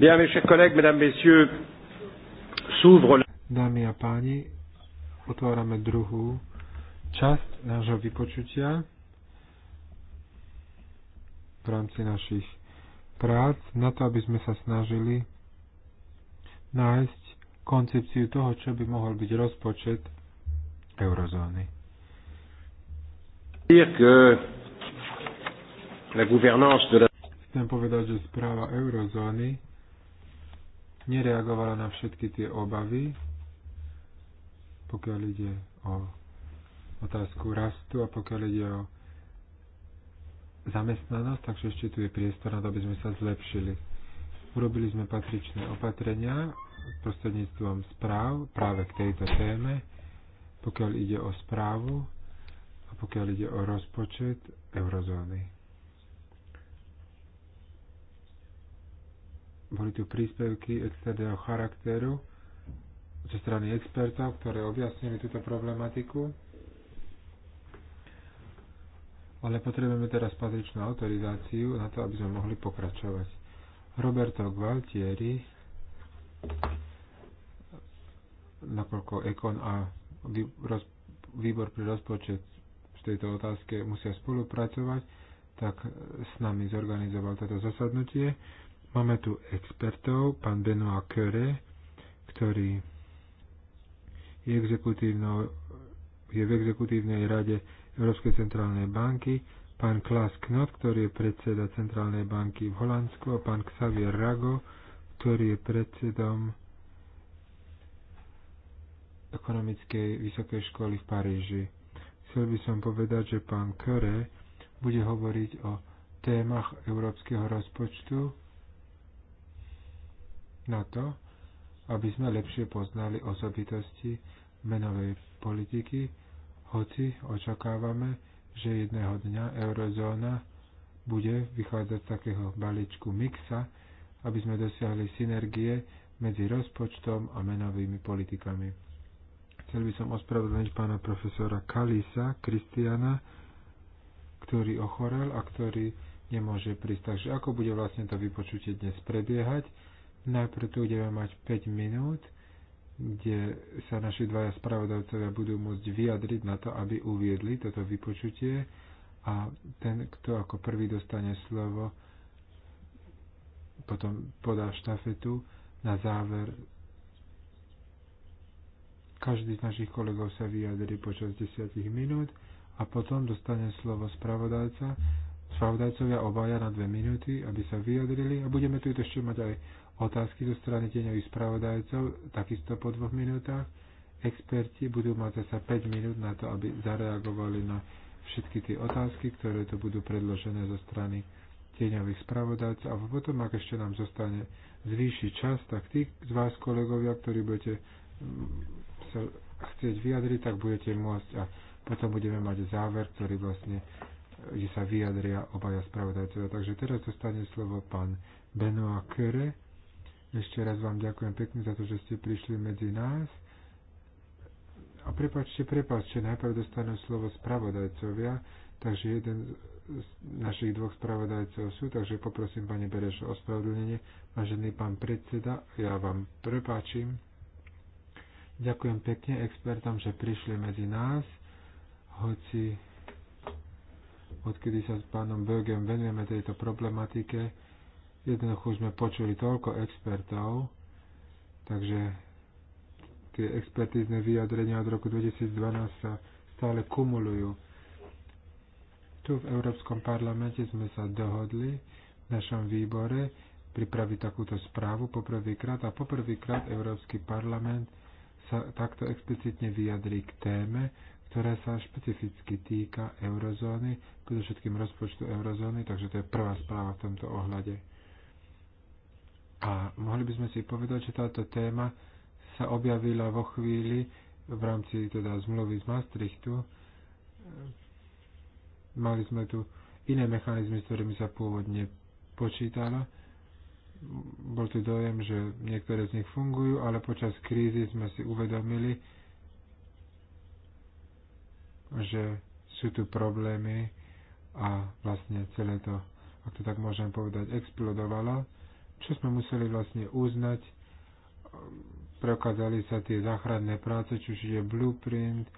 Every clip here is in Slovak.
Bien, mes chers collègues, mesdames, messieurs, s'ouvre... Dámy a páni, otvárame druhú časť nášho vypočutia v rámci našich prác na to, aby sme sa snažili nájsť koncepciu toho, čo by mohol byť rozpočet eurozóny. Chcem povedať, že správa eurozóny nereagovala na všetky tie obavy, pokiaľ ide o otázku rastu a pokiaľ ide o zamestnanosť, takže ešte tu je priestor na to, aby sme sa zlepšili. Urobili sme patričné opatrenia prostredníctvom správ práve k tejto téme, pokiaľ ide o správu a pokiaľ ide o rozpočet eurozóny. Boli tu príspevky externého charakteru zo strany expertov, ktoré objasnili túto problematiku. Ale potrebujeme teraz patričnú autorizáciu na to, aby sme mohli pokračovať. Roberto Gualtieri, nakoľko Ekon a výbor pri rozpočet v tejto otázke musia spolupracovať, tak s nami zorganizoval toto zasadnutie. Máme tu expertov, pán Benoit Köre, ktorý je, je v exekutívnej rade Európskej centrálnej banky, pán Klaas Knot, ktorý je predseda Centrálnej banky v Holandsku a pán Xavier Rago, ktorý je predsedom ekonomickej vysokej školy v Paríži. Chcel by som povedať, že pán Köre bude hovoriť o témach európskeho rozpočtu na to, aby sme lepšie poznali osobitosti menovej politiky, hoci očakávame, že jedného dňa eurozóna bude vychádzať z takého balíčku mixa, aby sme dosiahli synergie medzi rozpočtom a menovými politikami. Chcel by som ospravedlniť pána profesora Kalisa, Kristiana, ktorý ochorel a ktorý nemôže prísť. Takže ako bude vlastne to vypočutie dnes prebiehať? Najprv tu budeme mať 5 minút, kde sa naši dvaja spravodajcovia budú môcť vyjadriť na to, aby uviedli toto vypočutie a ten, kto ako prvý dostane slovo, potom podá štafetu na záver každý z našich kolegov sa vyjadri počas 10 minút a potom dostane slovo spravodajca. Spravodajcovia obaja na dve minúty, aby sa vyjadrili a budeme tu ešte mať aj otázky zo strany deňových spravodajcov, takisto po dvoch minútach. Experti budú mať zase 5 minút na to, aby zareagovali na všetky tie otázky, ktoré to budú predložené zo strany tieňových spravodajcov. A potom, ak ešte nám zostane zvýši čas, tak tí z vás, kolegovia, ktorí budete mm, sa chcieť vyjadriť, tak budete môcť a potom budeme mať záver, ktorý vlastne kde sa vyjadria obaja spravodajcovia. Takže teraz zostane slovo pán Benoit Kure, ešte raz vám ďakujem pekne za to, že ste prišli medzi nás. A prepačte, prepačte, najprv dostanú slovo spravodajcovia, takže jeden z našich dvoch spravodajcov sú, takže poprosím pani Bereš o spravodlenie. Vážený pán predseda, ja vám prepáčim. Ďakujem pekne expertom, že prišli medzi nás, hoci odkedy sa s pánom Bögem venujeme tejto problematike, Jednoducho sme počuli toľko expertov, takže tie expertizné vyjadrenia od roku 2012 sa stále kumulujú. Tu v Európskom parlamente sme sa dohodli v našom výbore pripraviť takúto správu poprvýkrát a poprvýkrát Európsky parlament sa takto explicitne vyjadrí k téme, ktorá sa špecificky týka eurozóny, predovšetkým rozpočtu eurozóny, takže to je prvá správa v tomto ohľade. A mohli by sme si povedať, že táto téma sa objavila vo chvíli v rámci teda zmluvy z Maastrichtu. Mali sme tu iné mechanizmy, s ktorými sa pôvodne počítalo. Bol tu dojem, že niektoré z nich fungujú, ale počas krízy sme si uvedomili, že sú tu problémy a vlastne celé to, ak to tak môžem povedať, explodovalo čo sme museli vlastne uznať. Prekázali sa tie záchranné práce, či už je blueprint,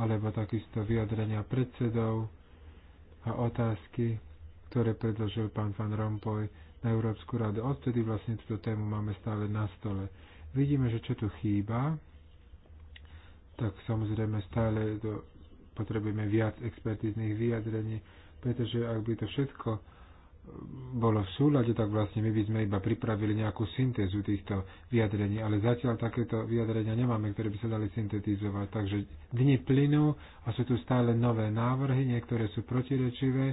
alebo takisto vyjadrenia predsedov a otázky, ktoré predložil pán Van Rompuy na Európsku radu. Odtedy vlastne túto tému máme stále na stole. Vidíme, že čo tu chýba, tak samozrejme stále to potrebujeme viac expertizných vyjadrení, pretože ak by to všetko bolo v súlade, tak vlastne my by sme iba pripravili nejakú syntézu týchto vyjadrení, ale zatiaľ takéto vyjadrenia nemáme, ktoré by sa dali syntetizovať. Takže dni plynú a sú tu stále nové návrhy, niektoré sú protirečivé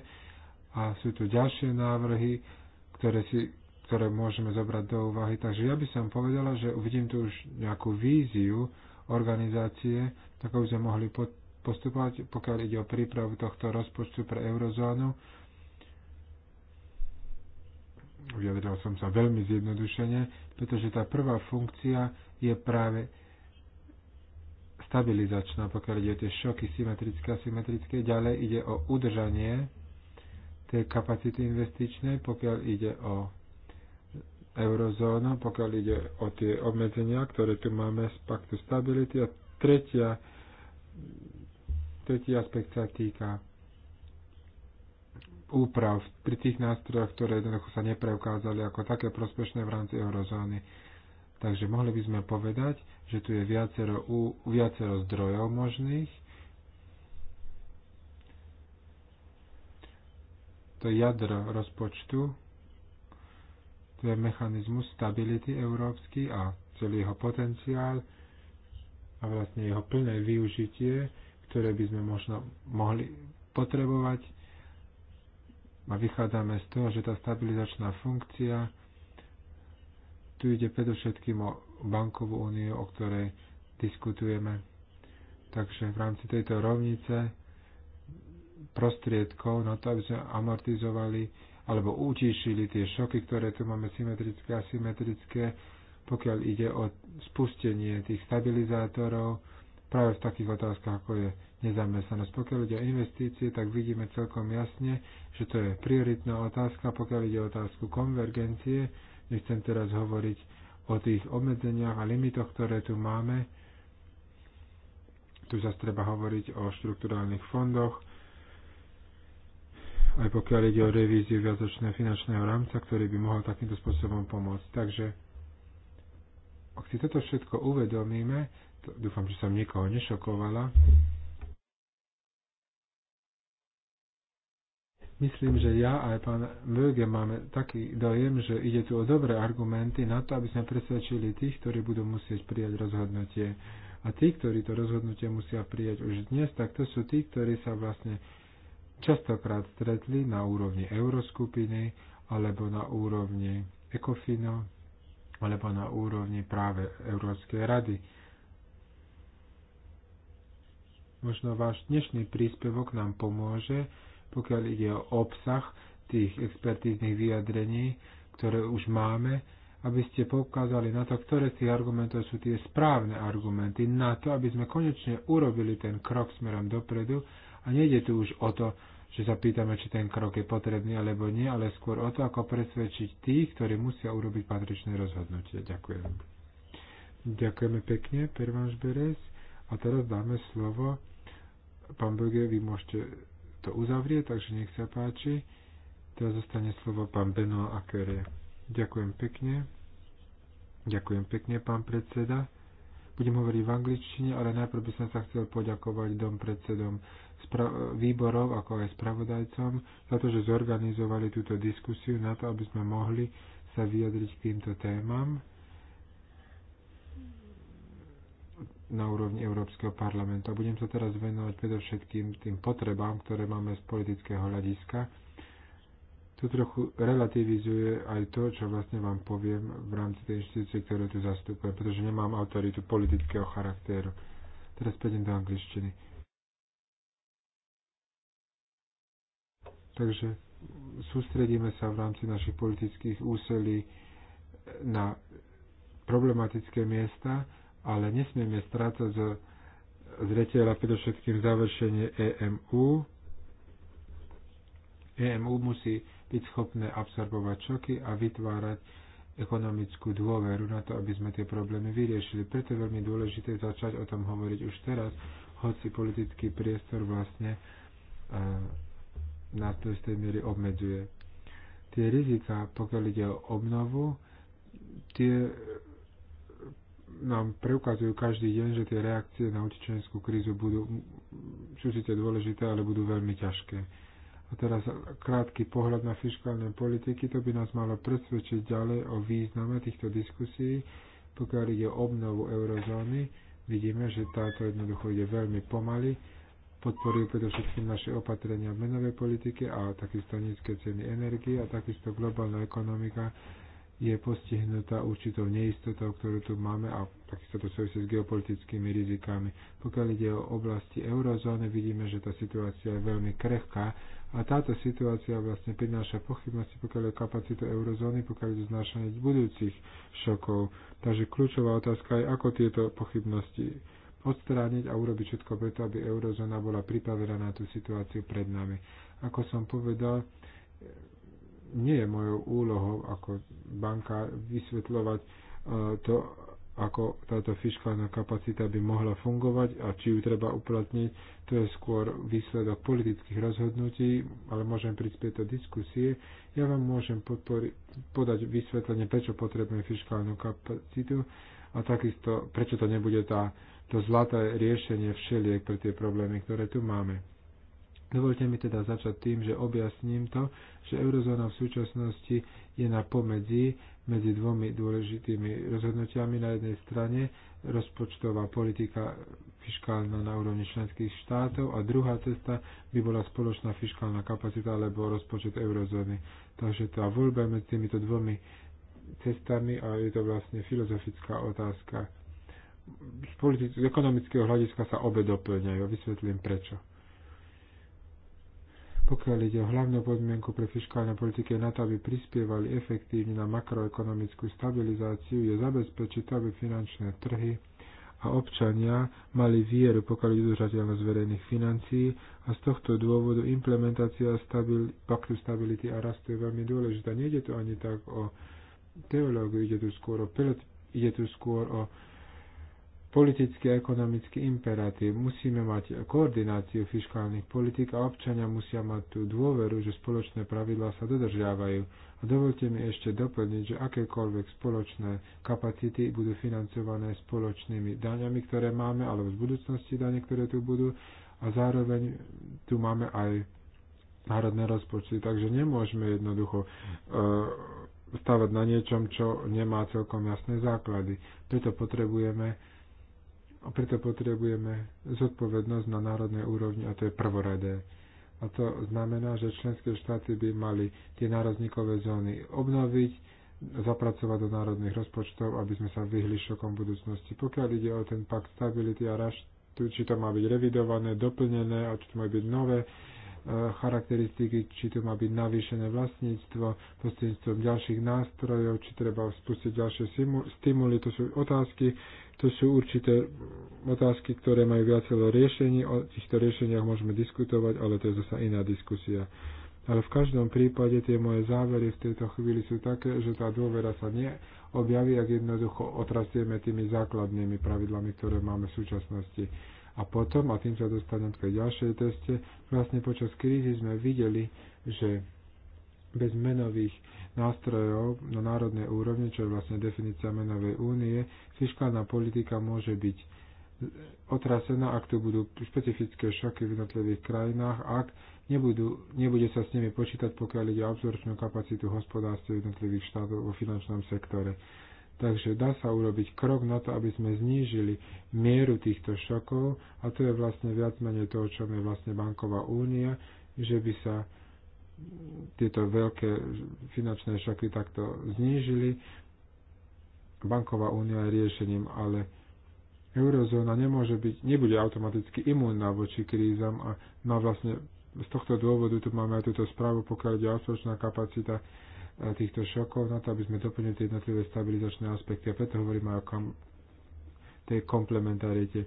a sú tu ďalšie návrhy, ktoré, si, ktoré môžeme zobrať do úvahy. Takže ja by som povedala, že uvidím tu už nejakú víziu organizácie, tak by sme mohli postupovať, pokiaľ ide o prípravu tohto rozpočtu pre eurozónu vyjadril som sa veľmi zjednodušene, pretože tá prvá funkcia je práve stabilizačná, pokiaľ ide o tie šoky symetrické a symetrické. Ďalej ide o udržanie tej kapacity investičnej, pokiaľ ide o eurozónu, pokiaľ ide o tie obmedzenia, ktoré tu máme z paktu stability. A tretia, tretí aspekt sa týka úprav pri tých nástrojoch, ktoré jednoducho sa nepreukázali ako také prospešné v rámci eurozóny. Takže mohli by sme povedať, že tu je viacero, u, viacero zdrojov možných. To jadro rozpočtu, to je mechanizmus stability európsky a celý jeho potenciál a vlastne jeho plné využitie, ktoré by sme možno mohli potrebovať a vychádzame z toho, že tá stabilizačná funkcia tu ide predovšetkým o bankovú úniu, o ktorej diskutujeme. Takže v rámci tejto rovnice prostriedkov na to, aby sme amortizovali alebo utíšili tie šoky, ktoré tu máme symetrické a symetrické, pokiaľ ide o spustenie tých stabilizátorov práve v takých otázkach, ako je nezamestnanosť. Pokiaľ ide o investície, tak vidíme celkom jasne, že to je prioritná otázka. Pokiaľ ide o otázku konvergencie, nechcem teraz hovoriť o tých obmedzeniach a limitoch, ktoré tu máme. Tu zase treba hovoriť o štruktúrálnych fondoch, aj pokiaľ ide o revíziu viacočného finančného rámca, ktorý by mohol takýmto spôsobom pomôcť. Takže ak si toto všetko uvedomíme, to, dúfam, že som nikoho nešokovala, Myslím, že ja aj pán Löge máme taký dojem, že ide tu o dobré argumenty na to, aby sme presvedčili tých, ktorí budú musieť prijať rozhodnutie. A tí, ktorí to rozhodnutie musia prijať už dnes, tak to sú tí, ktorí sa vlastne častokrát stretli na úrovni euroskupiny alebo na úrovni ECOFINO alebo na úrovni práve Európskej rady. Možno váš dnešný príspevok nám pomôže pokiaľ ide o obsah tých expertíznych vyjadrení, ktoré už máme, aby ste poukázali na to, ktoré z tých argumentov sú tie správne argumenty, na to, aby sme konečne urobili ten krok smerom dopredu a nejde tu už o to, že sa pýtame, či ten krok je potrebný alebo nie, ale skôr o to, ako presvedčiť tých, ktorí musia urobiť patričné rozhodnutie. Ďakujem. Ďakujeme pekne, Pervanš Beres. A teraz dáme slovo. Pán Böge, vy môžete to uzavrie, takže nech sa páči. Teraz zostane slovo pán Beno Akere. Ďakujem pekne. Ďakujem pekne, pán predseda. Budem hovoriť v angličtine, ale najprv by som sa chcel poďakovať dom predsedom výborov, ako aj spravodajcom, za to, že zorganizovali túto diskusiu na to, aby sme mohli sa vyjadriť k týmto témam. na úrovni Európskeho parlamentu. A budem sa teraz venovať predovšetkým tým potrebám, ktoré máme z politického hľadiska. To trochu relativizuje aj to, čo vlastne vám poviem v rámci tej inštitúcie, ktorú tu zastupujem, pretože nemám autoritu politického charakteru. Teraz pôjdem do angličtiny. Takže sústredíme sa v rámci našich politických úsilí na problematické miesta, ale nesmieme strácať zo zreteľa predovšetkým završenie EMU. EMU musí byť schopné absorbovať šoky a vytvárať ekonomickú dôveru na to, aby sme tie problémy vyriešili. Preto je veľmi dôležité začať o tom hovoriť už teraz, hoci politický priestor vlastne nás z tej miery obmedzuje. Tie rizika, pokiaľ ide o obnovu, tie nám preukazujú každý deň, že tie reakcie na utečenskú krízu budú, sú síce dôležité, ale budú veľmi ťažké. A teraz krátky pohľad na fiskálne politiky, to by nás malo presvedčiť ďalej o význame týchto diskusí, pokiaľ ide o obnovu eurozóny. Vidíme, že táto jednoducho ide veľmi pomaly. Podporujú predovšetkým naše opatrenia v menovej politike a takisto nízke ceny energie a takisto globálna ekonomika je postihnutá určitou neistotou, ktorú tu máme a takisto to súvisí s geopolitickými rizikami. Pokiaľ ide o oblasti eurozóny, vidíme, že tá situácia je veľmi krehká a táto situácia vlastne prináša pochybnosti, pokiaľ je kapacitu eurozóny, pokiaľ je znášanie budúcich šokov. Takže kľúčová otázka je, ako tieto pochybnosti odstrániť a urobiť všetko preto, aby eurozóna bola pripravená na tú situáciu pred nami. Ako som povedal, nie je mojou úlohou ako banka vysvetľovať e, to, ako táto fiskálna kapacita by mohla fungovať a či ju treba uplatniť, to je skôr výsledok politických rozhodnutí, ale môžem prispieť do diskusie. Ja vám môžem podpori- podať vysvetlenie, prečo potrebujeme fiskálnu kapacitu a takisto, prečo to nebude tá, to zlaté riešenie všeliek pre tie problémy, ktoré tu máme. Dovolte mi teda začať tým, že objasním to, že eurozóna v súčasnosti je na pomedzi medzi dvomi dôležitými rozhodnutiami. Na jednej strane rozpočtová politika fiskálna na úrovni členských štátov a druhá cesta by bola spoločná fiskálna kapacita alebo rozpočet eurozóny. Takže tá voľba medzi týmito dvomi cestami a je to vlastne filozofická otázka. Z, z ekonomického hľadiska sa obe doplňajú. Vysvetlím prečo pokiaľ ide o hlavnú podmienku pre fiskálne politiky na to, aby prispievali efektívne na makroekonomickú stabilizáciu, je zabezpečiť to, aby finančné trhy a občania mali vieru, pokiaľ ide udržateľnosť verejných financií a z tohto dôvodu implementácia stabil, paktu stability a rastu je veľmi dôležitá. Nejde tu ani tak o teológiu, ide tu skôr o, ide tu skôr o politický a ekonomický imperatív. Musíme mať koordináciu fiskálnych politik a občania musia mať tú dôveru, že spoločné pravidlá sa dodržiavajú. A dovolte mi ešte doplniť, že akékoľvek spoločné kapacity budú financované spoločnými daňami, ktoré máme, alebo z budúcnosti dane, ktoré tu budú. A zároveň tu máme aj národné rozpočty. Takže nemôžeme jednoducho uh, stavať na niečom, čo nemá celkom jasné základy. Preto potrebujeme a preto potrebujeme zodpovednosť na národnej úrovni a to je prvoradé. A to znamená, že členské štáty by mali tie nárazníkové zóny obnoviť, zapracovať do národných rozpočtov, aby sme sa vyhli šokom budúcnosti. Pokiaľ ide o ten pakt stability a raštu, či to má byť revidované, doplnené, a či to má byť nové, charakteristiky, či to má byť navýšené vlastníctvo prostredníctvom ďalších nástrojov, či treba spustiť ďalšie stimuly. To sú otázky, to sú určité otázky, ktoré majú viacero riešení. O týchto riešeniach môžeme diskutovať, ale to je zase iná diskusia. Ale v každom prípade tie moje závery v tejto chvíli sú také, že tá dôvera sa neobjaví, ak jednoducho otrasieme tými základnými pravidlami, ktoré máme v súčasnosti. A potom, a tým sa dostanem k ďalšej teste, vlastne počas krízy sme videli, že bez menových nástrojov na národnej úrovni, čo je vlastne definícia menovej únie, fiskálna politika môže byť otrasená, ak tu budú špecifické šoky v jednotlivých krajinách, ak nebudú, nebude sa s nimi počítať, pokiaľ ide o absorčnú kapacitu hospodárstva jednotlivých štátov vo finančnom sektore. Takže dá sa urobiť krok na to, aby sme znížili mieru týchto šokov a to je vlastne viac menej to, čo je vlastne banková únia, že by sa tieto veľké finančné šoky takto znížili. Banková únia je riešením, ale eurozóna nemôže byť, nebude automaticky imúnna voči krízam a no vlastne z tohto dôvodu tu máme aj túto správu, pokiaľ ide kapacita týchto šokov na to, aby sme doplnili tie jednotlivé stabilizačné aspekty. A preto hovoríme o kom- tej komplementarite.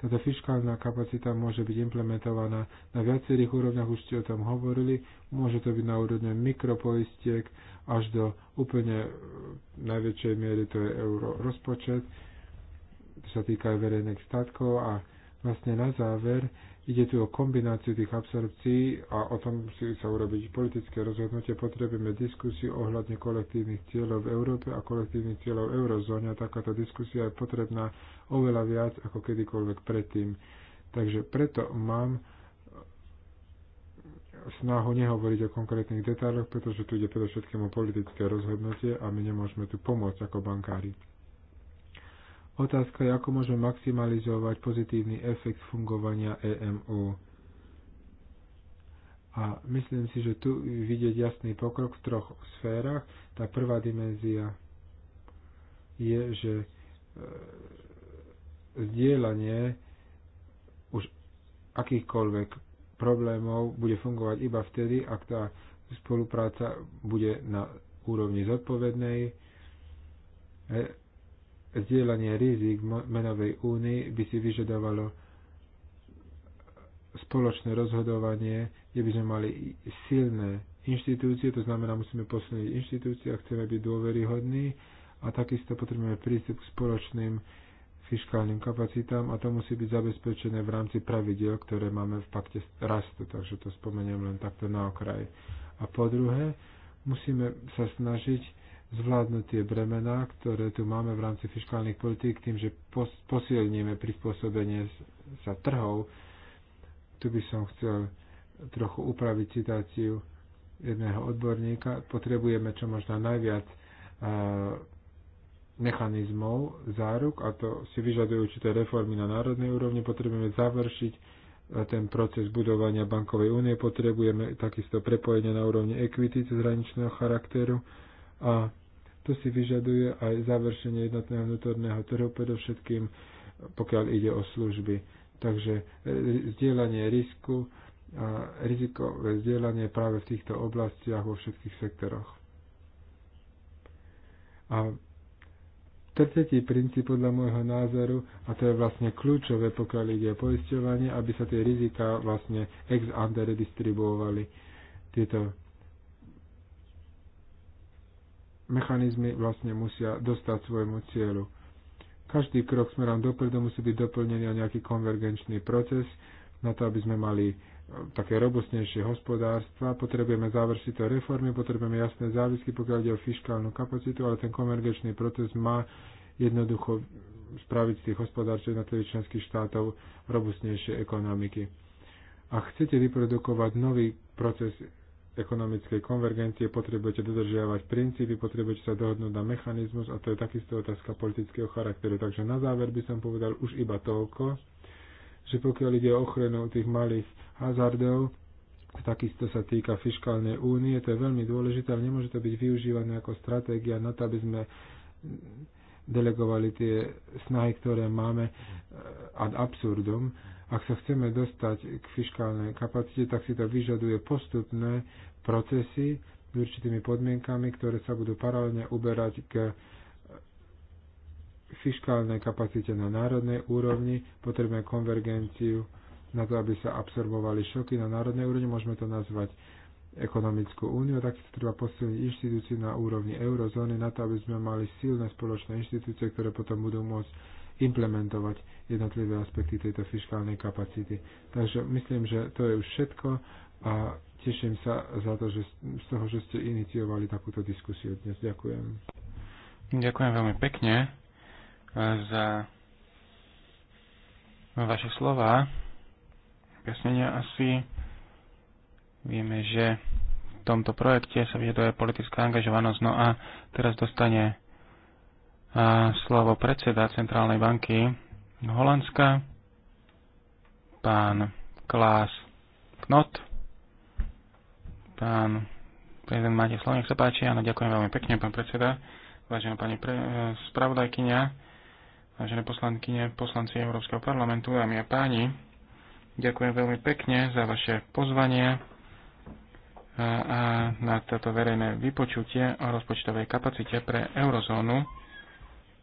Táto fiskálna kapacita môže byť implementovaná na viacerých úrovniach, už ste o tom hovorili. Môže to byť na úrovne mikropoistiek až do úplne najväčšej miery, to je euro rozpočet, čo sa týka aj verejných statkov. A vlastne na záver Ide tu o kombináciu tých absorpcií a o tom musí sa urobiť politické rozhodnutie. Potrebujeme diskusiu ohľadne kolektívnych cieľov v Európe a kolektívnych cieľov v eurozóne a takáto diskusia je potrebná oveľa viac ako kedykoľvek predtým. Takže preto mám snahu nehovoriť o konkrétnych detailoch, pretože tu ide predovšetkým o politické rozhodnutie a my nemôžeme tu pomôcť ako bankári. Otázka je, ako môžeme maximalizovať pozitívny efekt fungovania EMU. A myslím si, že tu vidieť jasný pokrok v troch sférach. Tá prvá dimenzia je, že e, zdieľanie už akýchkoľvek problémov bude fungovať iba vtedy, ak tá spolupráca bude na úrovni zodpovednej, e, zdieľanie rizik menovej únii by si vyžadovalo spoločné rozhodovanie, kde by sme mali silné inštitúcie, to znamená, musíme posilniť inštitúcie a chceme byť dôveryhodní a takisto potrebujeme prístup k spoločným fiskálnym kapacitám a to musí byť zabezpečené v rámci pravidiel, ktoré máme v pakte rastu, takže to spomeniem len takto na okraj. A po druhé, musíme sa snažiť zvládnuť tie bremená, ktoré tu máme v rámci fiskálnych politík tým, že posilníme prispôsobenie sa trhov. Tu by som chcel trochu upraviť citáciu jedného odborníka. Potrebujeme čo možno najviac mechanizmov záruk a to si vyžadujú určité reformy na národnej úrovni. Potrebujeme završiť ten proces budovania bankovej únie, potrebujeme takisto prepojenie na úrovni equity cezhraničného charakteru a to si vyžaduje aj završenie jednotného vnútorného trhu, predovšetkým pokiaľ ide o služby. Takže e, zdieľanie risku a rizikové zdieľanie práve v týchto oblastiach vo všetkých sektoroch. A tretí princíp podľa môjho názoru, a to je vlastne kľúčové, pokiaľ ide o poisťovanie, aby sa tie rizika vlastne ex ante redistribuovali. Tieto mechanizmy vlastne musia dostať svojmu cieľu. Každý krok smerom dopredu musí byť doplnený o nejaký konvergenčný proces, na to, aby sme mali e, také robustnejšie hospodárstva, potrebujeme završiť to reformy, potrebujeme jasné závisky, pokiaľ ide o fiskálnu kapacitu, ale ten konvergenčný proces má jednoducho spraviť z tých na jednotlivých členských štátov robustnejšie ekonomiky. Ak chcete vyprodukovať nový proces ekonomickej konvergencie, potrebujete dodržiavať princípy, potrebujete sa dohodnúť na mechanizmus a to je takisto otázka politického charakteru. Takže na záver by som povedal už iba toľko, že pokiaľ ide o ochranu tých malých hazardov, takisto sa týka fiskálnej únie, to je veľmi dôležité, ale nemôže to byť využívané ako stratégia na to, aby sme delegovali tie snahy, ktoré máme eh, ad absurdum. Ak sa chceme dostať k fiskálnej kapacite, tak si to vyžaduje postupné procesy s určitými podmienkami, ktoré sa budú paralelne uberať k fiskálnej kapacite na národnej úrovni. Potrebujeme konvergenciu na to, aby sa absorbovali šoky na národnej úrovni. Môžeme to nazvať ekonomickú úniu, takisto treba posilniť inštitúcie na úrovni eurozóny na to, aby sme mali silné spoločné inštitúcie, ktoré potom budú môcť implementovať jednotlivé aspekty tejto fiskálnej kapacity. Takže myslím, že to je už všetko a teším sa za to, že z toho, že ste iniciovali takúto diskusiu dnes. Ďakujem. Ďakujem veľmi pekne eh, za vaše slova. Jasnenia asi vieme, že v tomto projekte sa vyžaduje politická angažovanosť. No a teraz dostane slovo predseda Centrálnej banky Holandska, pán Klaas Knot. Pán prezident, máte slovo, nech sa páči. Áno, ďakujem veľmi pekne, pán predseda, vážená pani pre, eh, spravodajkynia, vážené poslankyne, poslanci Európskeho parlamentu, dámy a páni. Ďakujem veľmi pekne za vaše pozvanie a na toto verejné vypočutie o rozpočtovej kapacite pre eurozónu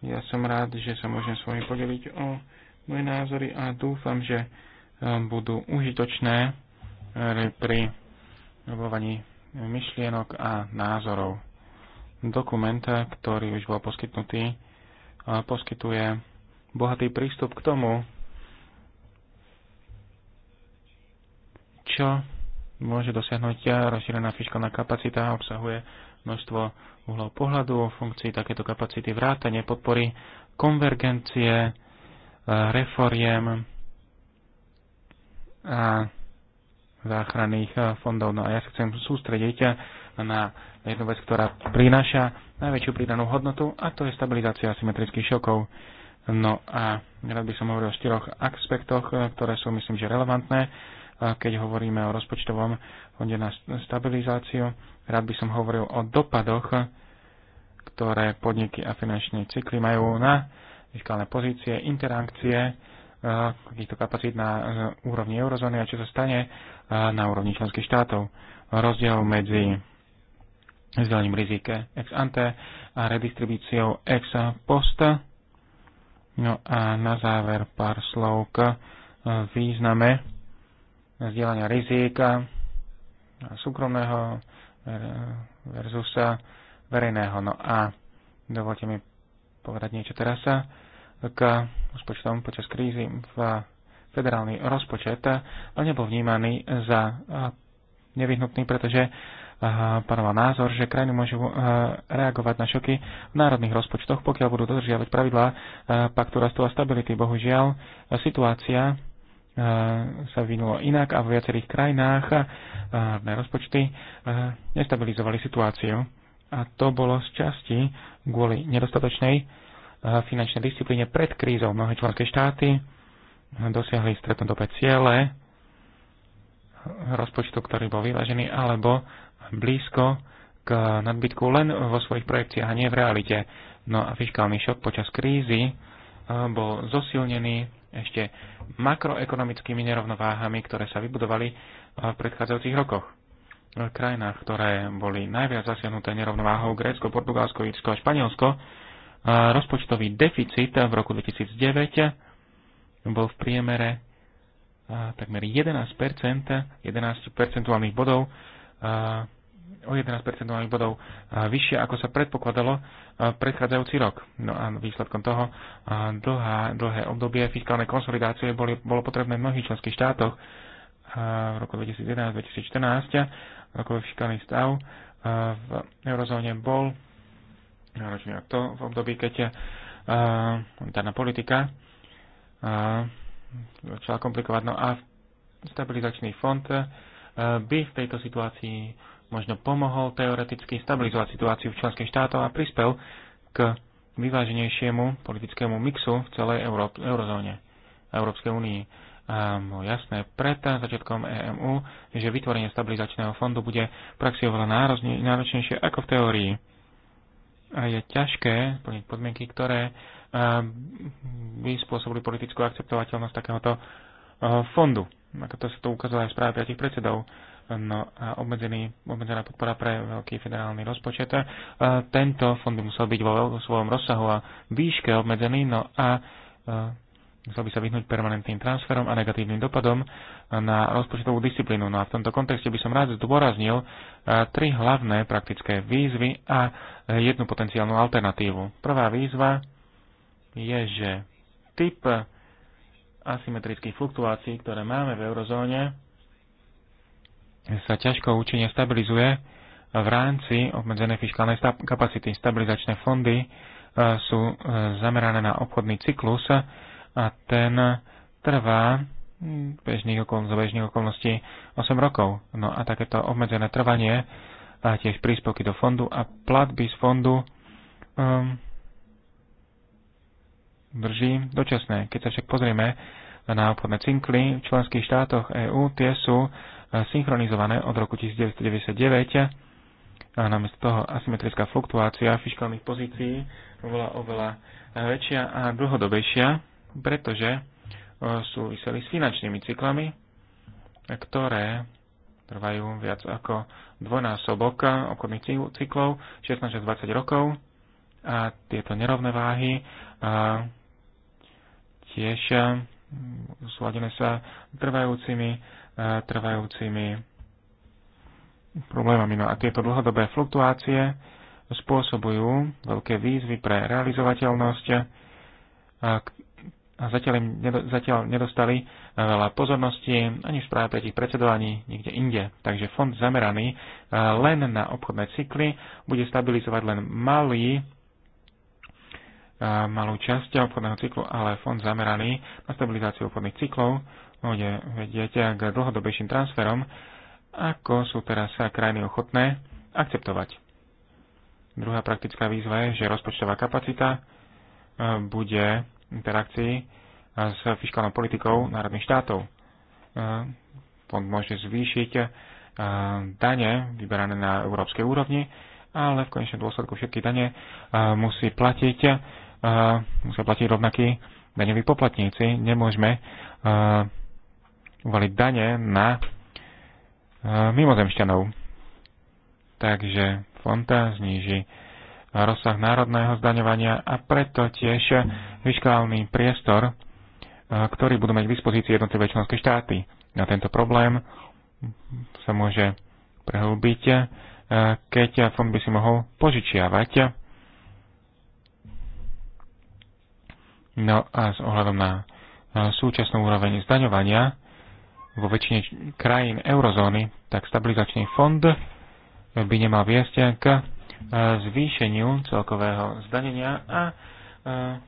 ja som rád, že sa môžem s vami podeliť o moje názory a dúfam, že eh, budú užitočné eh, pri robovaní myšlienok a názorov. Dokument, eh, ktorý už bol poskytnutý, poskytuje bohatý prístup k tomu, čo môže dosiahnuť rozšírená fiskálna kapacita a obsahuje množstvo uhlov pohľadu o funkcii takéto kapacity vrátane podpory konvergencie, eh, reforiem a záchranných eh, fondov. No a ja sa chcem sústrediť eh, na jednu vec, ktorá prináša najväčšiu pridanú hodnotu a to je stabilizácia asymetrických šokov. No a rád by som hovoril o štyroch aspektoch, ktoré sú myslím, že relevantné, keď hovoríme o rozpočtovom fonde na stabilizáciu. Rád by som hovoril o dopadoch, ktoré podniky a finančné cykly majú na fiskálne pozície, interakcie eh, takýchto kapacít na eh, úrovni eurozóny a čo sa stane eh, na úrovni členských štátov. Rozdiel medzi vzdelaním rizike ex ante a redistribúciou ex post. No a na záver pár slov k význame zdieľania rizika súkromného Eh, versus eh, verejného. No a dovolte mi povedať niečo teraz eh, k rozpočtom počas krízy v federálny rozpočet ale nebol vnímaný za nevyhnutný, pretože panoval názor, že krajiny môžu reagovať na šoky v národných rozpočtoch, pokiaľ budú dodržiavať pravidlá paktu rastu a stability. Bohužiaľ, situácia Eh, sa vyvinulo inak a v viacerých krajinách eh, na rozpočty eh, nestabilizovali situáciu. A to bolo z časti kvôli nedostatočnej finančnej disciplíne pred krízou. Mnohé členské štáty dosiahli stretnodobé ciele rozpočtu, ktorý bol vyvážený, alebo blízko k nadbytku len vo svojich projekciách a nie v realite. No a fiskálny šok počas krízy bol zosilnený ešte makroekonomickými nerovnováhami, ktoré sa vybudovali e, v predchádzajúcich rokoch. V krajinách, ktoré boli najviac zasiahnuté nerovnováhou Grécko, Portugalsko, Írsko a Španielsko, e, rozpočtový deficit v roku 2009 bol v priemere e, takmer 11%, 11 percentuálnych bodov o 11 percentuálnych bodov vyššia, ako sa predpokladalo predchádzajúci rok. No a výsledkom toho dlhá, dlhé obdobie fiskálnej konsolidácie boli, bolo potrebné v mnohých členských štátoch v roku 2011-2014 rokový fiskálny stav v eurozóne bol to v období, keď monetárna politika začala komplikovať. No a stabilizačný fond by v tejto situácii možno pomohol teoreticky stabilizovať situáciu v členských štátoch a prispel k vyváženejšiemu politickému mixu v celej Euró- eurozóne, Európskej únii. Um, jasné pred začiatkom EMU, že vytvorenie stabilizačného fondu bude v praxi oveľa náročnejšie ako v teórii. A je ťažké plniť podmienky, ktoré by spôsobili politickú akceptovateľnosť takéhoto fondu. Ako to sa to ukázalo aj v správe piatich predsedov No a obmedzený, obmedzená podpora pre veľký federálny rozpočet. A tento fond by musel byť vo, vo svojom rozsahu a výške obmedzený, no a, a e, musel by sa vyhnúť permanentným transferom a negatívnym dopadom na rozpočtovú disciplínu. No a v tomto kontexte by som rád zdôraznil e, tri hlavné praktické výzvy a jednu potenciálnu alternatívu. Prvá výzva je, že typ asymetrických fluktuácií, ktoré máme v eurozóne, sa ťažko účinne stabilizuje v rámci obmedzenej fiskálnej kapacity. Stabilizačné fondy e, sú e, zamerané na obchodný cyklus a ten trvá bežných okolností, za bežných okolností 8 rokov. No a takéto obmedzené trvanie a tiež príspevky do fondu a platby z fondu um, drží dočasné. Keď sa však pozrieme na obchodné cinkly v členských štátoch EÚ, tie sú synchronizované od roku 1999 a namiesto toho asymetrická fluktuácia fiskálnych pozícií bola oveľa väčšia a dlhodobejšia, pretože e, súviseli s finančnými cyklami, ktoré trvajú viac ako dvojnásobok obchodných cyklov 16 až 20 rokov a tieto nerovné váhy e, tiež sú sa trvajúcimi E, trvajúcimi problémami. No a tieto dlhodobé fluktuácie spôsobujú veľké výzvy pre realizovateľnosť a zatiaľ, im zatiaľ nedostali e, veľa pozornosti ani v správe pre tých predsedovaní nikde inde. Takže fond zameraný e, len na obchodné cykly bude stabilizovať len malý malú časť obchodného cyklu, ale fond zameraný na stabilizáciu obchodných cyklov bude vedieť eh, k dlhodobejším transferom, ako sú teraz krajiny ochotné akceptovať. Druhá praktická výzva je, že rozpočtová kapacita eh, bude interakcii eh, s fiskálnou politikou národných štátov. Fond môže zvýšiť dane vyberané na európskej úrovni, ale v konečnom dôsledku všetky dane musí platiť, musia platiť rovnakí daňoví poplatníci. Nemôžeme uvaliť dane na e, mimozemšťanov. Takže Fonta zníži rozsah národného zdaňovania a preto tiež fiskálny priestor, e, ktorý budú mať v dispozícii jednotlivé členské štáty. Na tento problém sa môže prehlbiť, e, keď fond by si mohol požičiavať. No a s ohľadom na súčasnú úroveň zdaňovania, vo väčšine krajín eurozóny, tak stabilizačný fond by nemal viesť k e, zvýšeniu celkového zdanenia a e,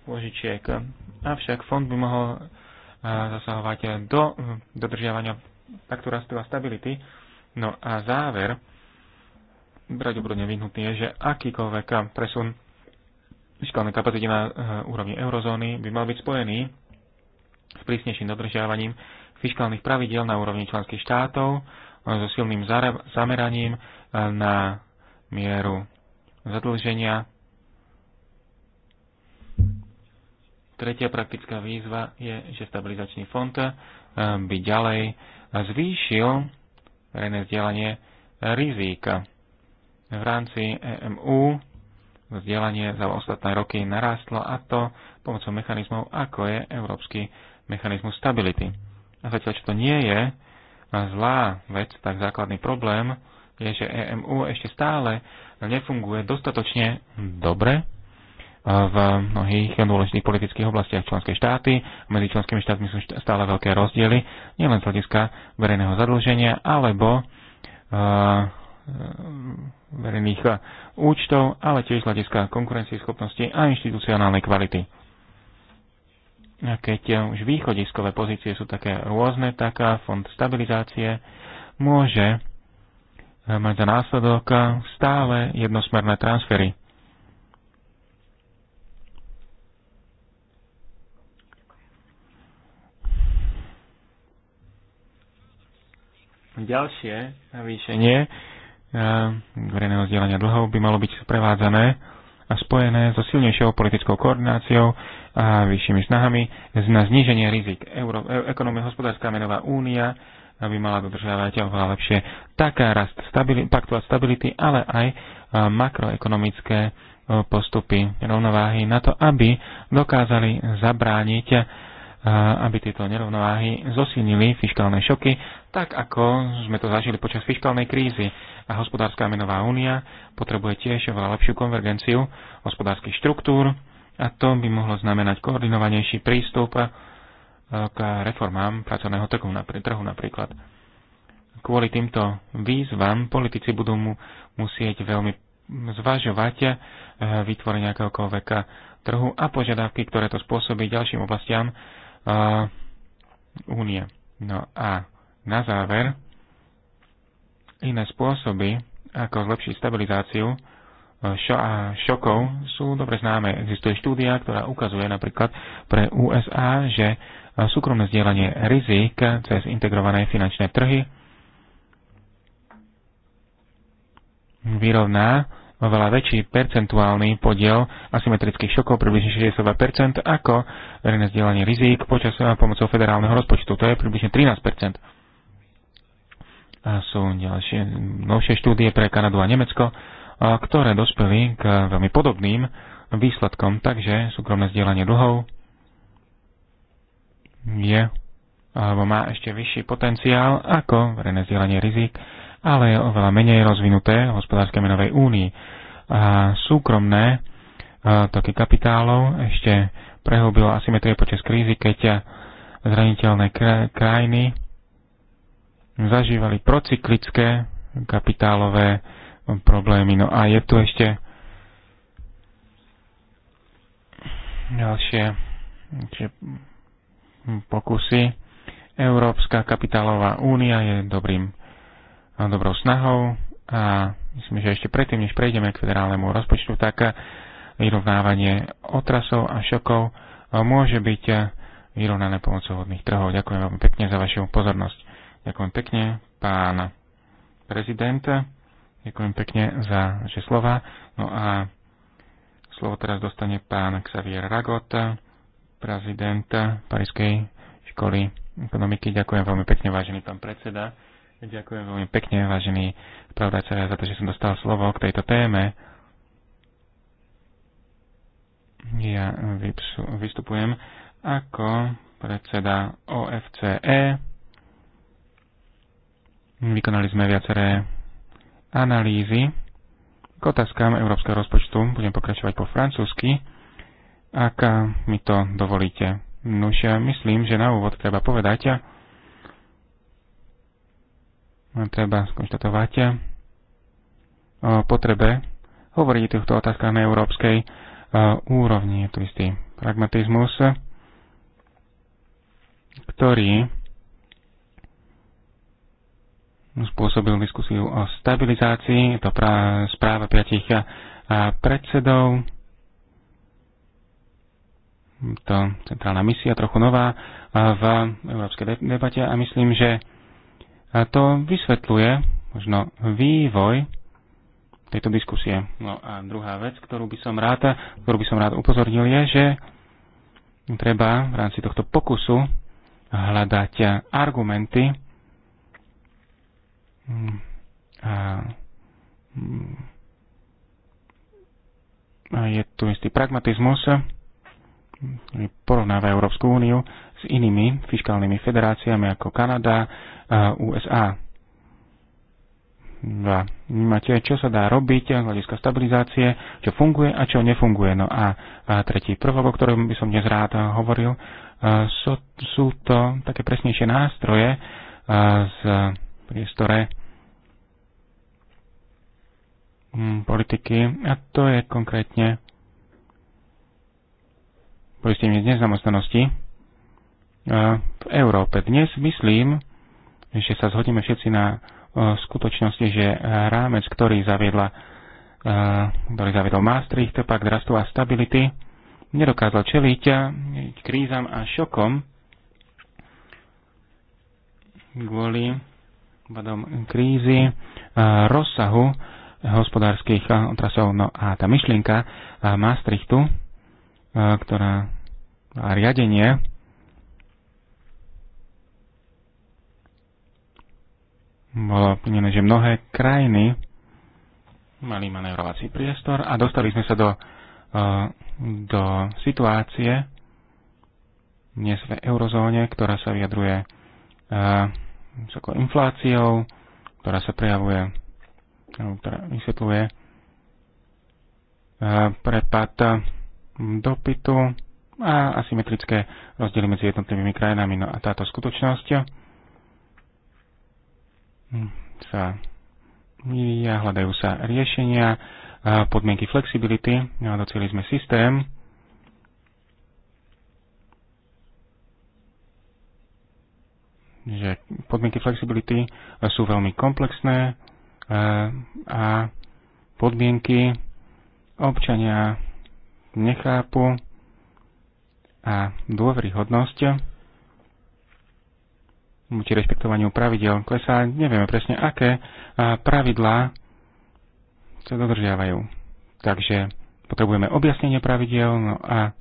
požičiek. Avšak fond by mohol e, zasahovať do dodržiavania paktu rastu a stability. No a záver, obrodne vyhnutný je, že akýkoľvek presun fiskálnej kapacity na úrovni eurozóny by mal byť spojený s prísnejším dodržiavaním fiskálnych pravidiel na úrovni členských štátov eh, so silným zameraním eh, na mieru zadlženia. Tretia praktická výzva je, že stabilizačný fond eh, by ďalej zvýšil verejné vzdelanie rizika. V rámci EMU vzdelanie za ostatné roky narástlo a to pomocou mechanizmov, ako je Európsky mechanizmus stability a zatiaľ, čo to nie je zlá vec, tak základný problém je, že EMU ešte stále nefunguje dostatočne dobre v mnohých dôležitých politických oblastiach členské štáty. Medzi členskými štátmi sú stále veľké rozdiely, nielen z hľadiska verejného zadlženia alebo verejných účtov, ale tiež z hľadiska konkurencieschopnosti a inštitucionálnej kvality keď eh, už východiskové pozície sú také rôzne, tak eh, fond stabilizácie môže eh, mať za následok stále jednosmerné transfery. Ďalšie navýšenie verejného vzdielania dlhov by malo byť sprevádzané a spojené so silnejšou politickou koordináciou a vyššími snahami na zníženie rizik. Euro, e, ekonomia, hospodárska menová únia by mala dodržiavať oveľa lepšie taká rast stabili, paktu a stability, ale aj e, makroekonomické e, postupy rovnováhy na to, aby dokázali zabrániť, aby tieto nerovnováhy zosilnili fiskálne šoky, tak ako sme to zažili počas fiskálnej krízy. A hospodárska menová únia potrebuje tiež oveľa lepšiu konvergenciu hospodárskych štruktúr, a to by mohlo znamenať koordinovanejší prístup e, k reformám pracovného trhu, trhu napríklad. Kvôli týmto výzvam politici budú mu musieť veľmi zvažovať e, vytvorenie akéhokoľvek trhu a požiadavky, ktoré to spôsobí ďalším oblastiam e, únie. No a na záver, iné spôsoby, ako zlepšiť stabilizáciu, šo a šokov sú dobre známe. Existuje štúdia, ktorá ukazuje napríklad pre USA, že súkromné zdieľanie rizik cez integrované finančné trhy vyrovná oveľa väčší percentuálny podiel asymetrických šokov, približne 62%, ako verejné zdieľanie rizik počas pomocou federálneho rozpočtu. To je približne 13%. A sú ďalšie novšie štúdie pre Kanadu a Nemecko, ktoré dospeli k veľmi podobným výsledkom. Takže súkromné zdieľanie dlhov je alebo má ešte vyšší potenciál ako verejné zdieľanie rizik, ale je oveľa menej rozvinuté v hospodárskej menovej únii. A súkromné toky kapitálov ešte prehlbilo asymetrie počas krízy, keď zraniteľné krajiny zažívali procyklické kapitálové problémy. No a je tu ešte ďalšie pokusy. Európska kapitálová únia je dobrým, dobrou snahou a myslím, že ešte predtým, než prejdeme k federálnemu rozpočtu, tak vyrovnávanie otrasov a šokov môže byť vyrovnané pomocou hodných trhov. Ďakujem veľmi pekne za vašu pozornosť. Ďakujem pekne, pán prezident. Ďakujem pekne za vaše slova. No a slovo teraz dostane pán Xavier Ragot, prezident Parískej školy ekonomiky. Ďakujem veľmi pekne, vážený pán predseda. Ďakujem veľmi pekne, vážený pravdacovia, za to, že som dostal slovo k tejto téme. Ja vystupujem ako predseda OFCE. Vykonali sme viaceré analýzy k otázkám európskeho rozpočtu. Budem pokračovať po francúzsky, ak mi to dovolíte. No ja myslím, že na úvod treba povedať, treba skonštatovať o potrebe hovoriť o týchto otázkach na európskej e, úrovni. Je tu istý pragmatizmus, ktorý spôsobil diskusiu o stabilizácii. Je to správa piatich predsedov. To centrálna misia, trochu nová v európskej debate a myslím, že to vysvetľuje možno vývoj tejto diskusie. No a druhá vec, ktorú by som rád, ktorú by som rád upozornil, je, že treba v rámci tohto pokusu hľadať argumenty, Mm. A, mm, a je tu istý pragmatizmus, ktorý porovnáva Európsku úniu s inými fiskálnymi federáciami ako Kanada a USA. A Vnímate, čo sa dá robiť z hľadiska stabilizácie, čo funguje a čo nefunguje. No a, a tretí prvok, o ktorom by som dnes rád hovoril, sú, sú to také presnejšie nástroje z priestore Mm, politiky a to je konkrétne poistenie z nezamestnanosti e, v Európe. Dnes myslím, že sa zhodneme všetci na e, skutočnosti, že rámec, ktorý zaviedla e, ktorý zaviedol Maastricht, pak rastu a stability, nedokázal čeliť krízam a šokom kvôli krízy, rozsahu hospodárskych eh, otrasov. No a tá myšlienka eh, Maastrichtu, eh, ktorá a riadenie bolo plnené, že mnohé krajiny mali manevrovací priestor a dostali sme sa do, do situácie dnes v eurozóne, ktorá sa vyjadruje vysokou infláciou, ktorá sa prejavuje ktorá teda vysvetľuje eh, prepad eh, dopytu a asymetrické rozdiely medzi jednotlivými krajinami. No a táto skutočnosť eh, sa vyvíja, hľadajú sa riešenia, podmienky flexibility, no a docieli sme systém, že podmienky flexibility sú veľmi komplexné, E, a podmienky občania nechápu a dôveryhodnosť či rešpektovaniu pravidel klesá. Nevieme presne, aké e, pravidlá sa dodržiavajú. Takže potrebujeme objasnenie pravidel no a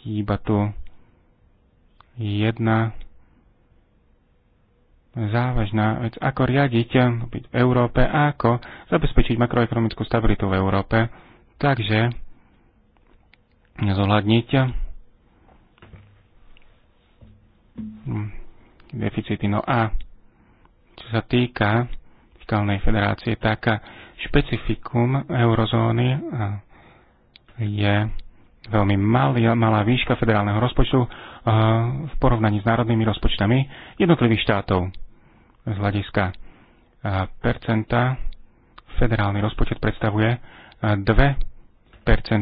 chýba tu jedna závažná vec, ako riadiť eh, byť v Európe a ako zabezpečiť makroekonomickú stabilitu v Európe. Takže zohľadniť eh, hm, deficity. No a čo sa týka fiskálnej federácie, tak eh, špecifikum eurozóny je veľmi malý, malá výška federálneho rozpočtu v porovnaní s národnými rozpočtami jednotlivých štátov z hľadiska e, percenta federálny rozpočet predstavuje 2 e,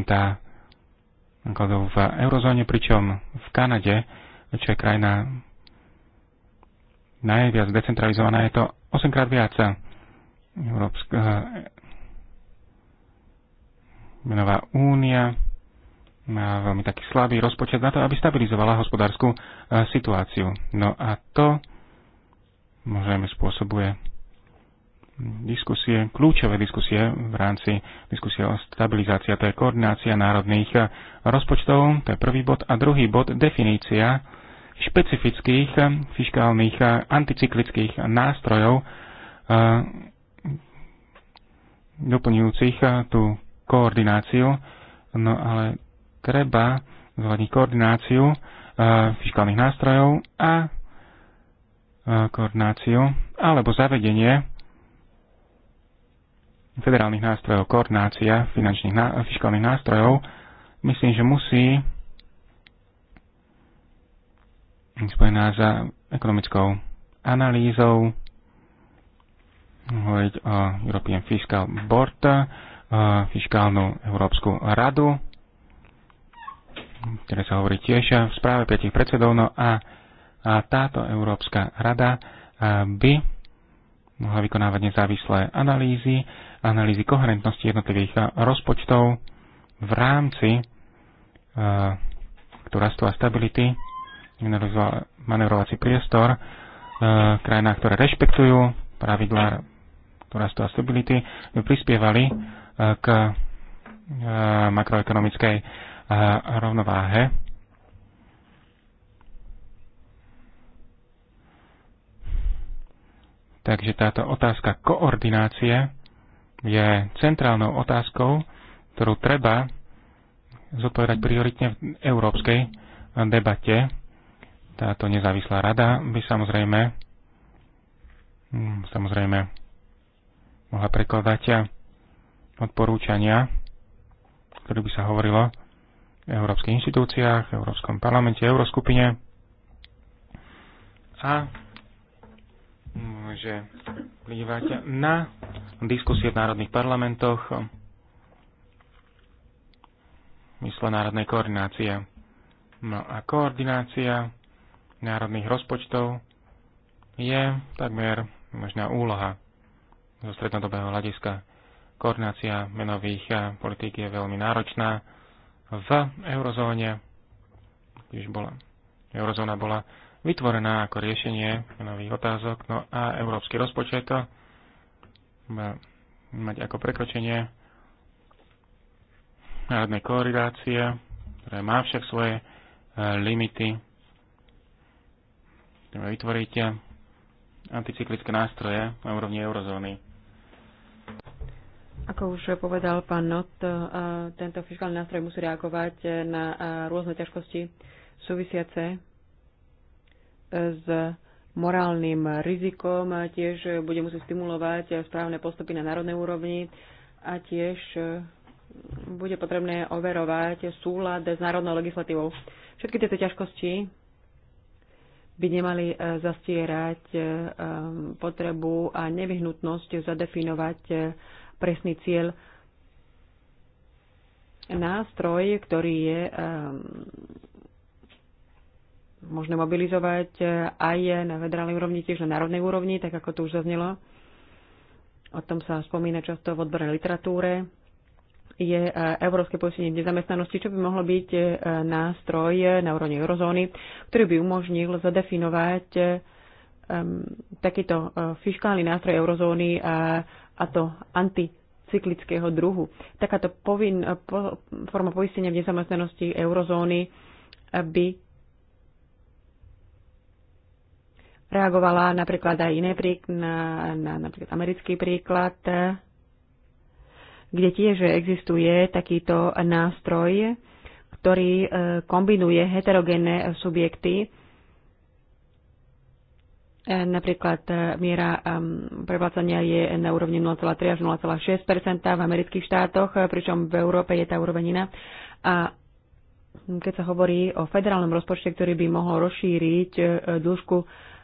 nákladov v eurozóne, pričom v Kanade, čo je krajina najviac decentralizovaná, je to 8 krát viac. Európska e, menová únia má veľmi taký slabý rozpočet na to, aby stabilizovala hospodárskú situáciu. No a to samozrejme spôsobuje diskusie, kľúčové diskusie v rámci diskusie o stabilizácii, to je koordinácia národných rozpočtov, to je prvý bod, a druhý bod definícia špecifických fiskálnych anticyklických nástrojov doplňujúcich tú koordináciu, no ale treba zvládniť koordináciu fiskálnych nástrojov a E, koordináciu alebo zavedenie federálnych nástrojov, koordinácia finančných ná, fiskálnych nástrojov, myslím, že musí spojená za ekonomickou analýzou hovoriť o European Fiscal Board, e, fiskálnu Európsku radu, ktoré sa hovorí tiež v správe piatich predsedov, no a a táto Európska rada by mohla vykonávať nezávislé analýzy, analýzy koherentnosti jednotlivých rozpočtov v rámci uh, rastu a stability, manevrovací priestor, uh, krajinách, ktoré rešpektujú pravidlá rastu a stability, by prispievali uh, k uh, makroekonomickej uh, rovnováhe Takže táto otázka koordinácie je centrálnou otázkou, ktorú treba zodpovedať prioritne v európskej debate. Táto nezávislá rada by samozrejme hm, samozrejme mohla prekladať odporúčania, ktoré by sa hovorilo v európskych inštitúciách, v Európskom parlamente, Euroskupine a Mm, že vplývať na diskusie v národných parlamentoch mysle národnej koordinácie. No a koordinácia národných rozpočtov je takmer možná úloha zo strednodobého hľadiska. Koordinácia menových politík je veľmi náročná v eurozóne, už bola, eurozóna bola vytvorená ako riešenie nových otázok, no a európsky rozpočet mať ako prekročenie národnej koordinácie, ktoré má však svoje e, limity. Vytvoriť anticyklické nástroje na úrovni eurozóny. Ako už povedal pán Not, e, tento fiskálny nástroj musí reagovať na e, rôzne ťažkosti súvisiace s morálnym rizikom, tiež bude musieť stimulovať správne postupy na národnej úrovni a tiež e, bude potrebné overovať súlad s národnou legislatívou. Všetky tieto ťažkosti by nemali e, zastierať e, potrebu a nevyhnutnosť zadefinovať presný cieľ. Nástroj, ktorý je možné mobilizovať e, aj na federálnej úrovni, tiež na národnej úrovni, tak ako to už zaznelo. O tom sa spomína často v odbornej literatúre. Je e, európske poistenie v nezamestnanosti, čo by mohlo byť e, nástroj na úrovni eurozóny, ktorý by umožnil zadefinovať um, takýto fiskálny nástroj eurozóny a, a to anti cyklického druhu. Takáto povin, po, forma poistenia v nezamestnanosti eurozóny by reagovala napríklad aj iné prík- na, na napríklad americký príklad, kde tiež existuje takýto nástroj, ktorý e, kombinuje heterogénne subjekty, e, Napríklad e, miera prevlácania je na úrovni 0,3 až 0,6 v amerických štátoch, pričom v Európe je tá úroveň iná. A keď sa hovorí o federálnom rozpočte, ktorý by mohol rozšíriť dĺžku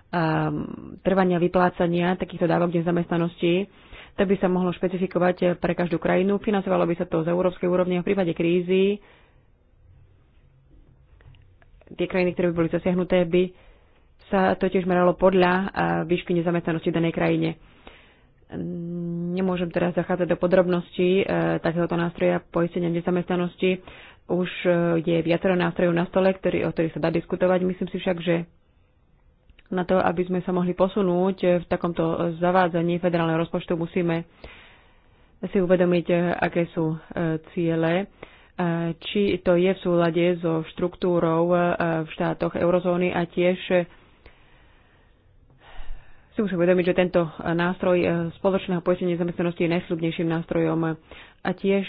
Um, trvania vyplácania takýchto dávok nezamestnanosti. tak by sa mohlo špecifikovať pre každú krajinu. Financovalo by sa to z európskej úrovne v prípade krízy. Tie krajiny, ktoré by boli zasiahnuté, by sa totiž meralo podľa uh, výšky nezamestnanosti v danej krajine. Nemôžem teraz zachádzať do podrobností uh, takéhoto nástroja poistenia nezamestnanosti. Už uh, je viacero nástrojov na stole, ktorý, o ktorých sa dá diskutovať. Myslím si však, že na to, aby sme sa mohli posunúť v takomto zavádzaní federálneho rozpočtu, musíme si uvedomiť, eh, aké sú eh, ciele, eh, či to je v súlade so štruktúrou v štátoch eurozóny a tiež si musíme uvedomiť, že tento nástroj spoločného poistenia zamestnanosti je najslubnejším nástrojom a tiež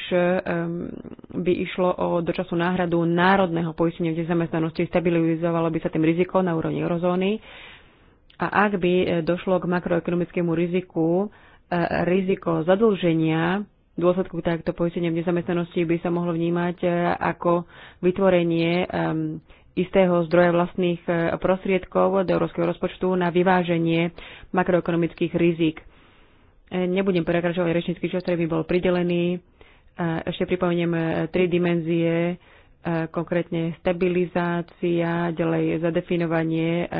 by išlo o dočasnú náhradu národného poistenia zamestnanosti, stabilizovalo by sa tým riziko na úrovni eurozóny a ak by e, došlo k makroekonomickému riziku, e, riziko zadlženia v dôsledku takto poistenia v nezamestnanosti by sa mohlo vnímať e, ako vytvorenie istého zdroja vlastných prostriedkov do európskeho rozpočtu na vyváženie makroekonomických rizik. Nebudem prekračovať rečnícky čas, ktorý by bol pridelený. Ešte pripomeniem tri dimenzie, konkrétne stabilizácia, ďalej zadefinovanie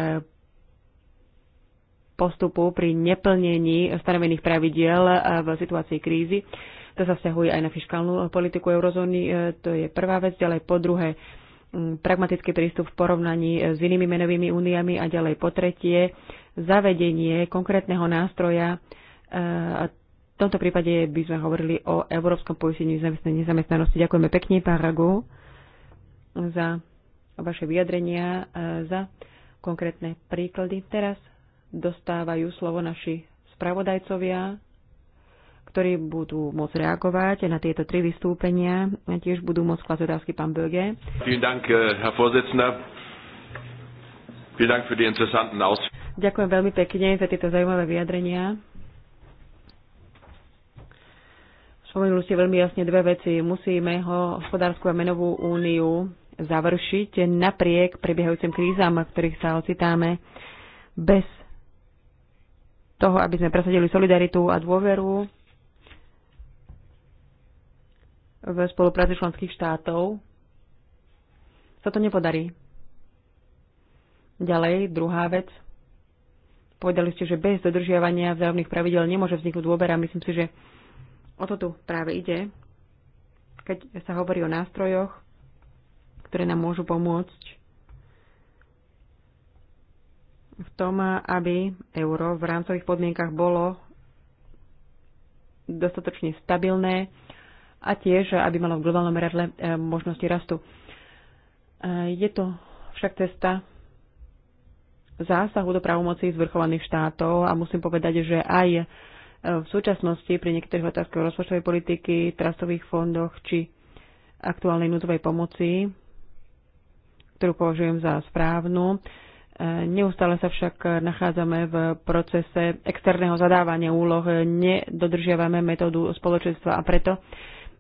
postupu pri neplnení stanovených pravidiel e, v situácii krízy. To sa vzťahuje aj na fiskálnu politiku eurozóny. E, to je prvá vec. Ďalej po druhé, pragmatický prístup v porovnaní s inými menovými úniami a ďalej po tretie, zavedenie konkrétneho nástroja. E, v tomto prípade by sme hovorili o európskom poistení nezamestnanosti. Ďakujeme pekne, pán Ragu, za vaše vyjadrenia, za konkrétne príklady. Teraz dostávajú slovo naši spravodajcovia, ktorí budú môcť reagovať na tieto tri vystúpenia. Tiež budú môcť klasť otázky pán Böge. Eh, Ďakujem veľmi pekne za tieto zaujímavé vyjadrenia. Spomenuli ste veľmi jasne dve veci. Musíme ho hospodárskú a menovú úniu završiť napriek prebiehajúcim krízam, v ktorých sa ocitáme, bez toho, aby sme presadili solidaritu a dôveru v spolupráci členských štátov, sa to nepodarí. Ďalej, druhá vec. Povedali ste, že bez dodržiavania vzájomných pravidel nemôže vzniknúť dôvera. Myslím si, že o to tu práve ide, keď sa hovorí o nástrojoch, ktoré nám môžu pomôcť v tom, aby euro v rámcových podmienkach bolo dostatočne stabilné a tiež, aby malo v globálnom meradle e, možnosti rastu. E, je to však cesta zásahu do právomocí zvrchovaných štátov a musím povedať, že aj v súčasnosti pri niektorých otázkach rozpočtovej politiky, trastových fondoch či aktuálnej núdzovej pomoci, ktorú považujem za správnu, Neustále sa však nachádzame v procese externého zadávania úloh, nedodržiavame metódu spoločenstva a preto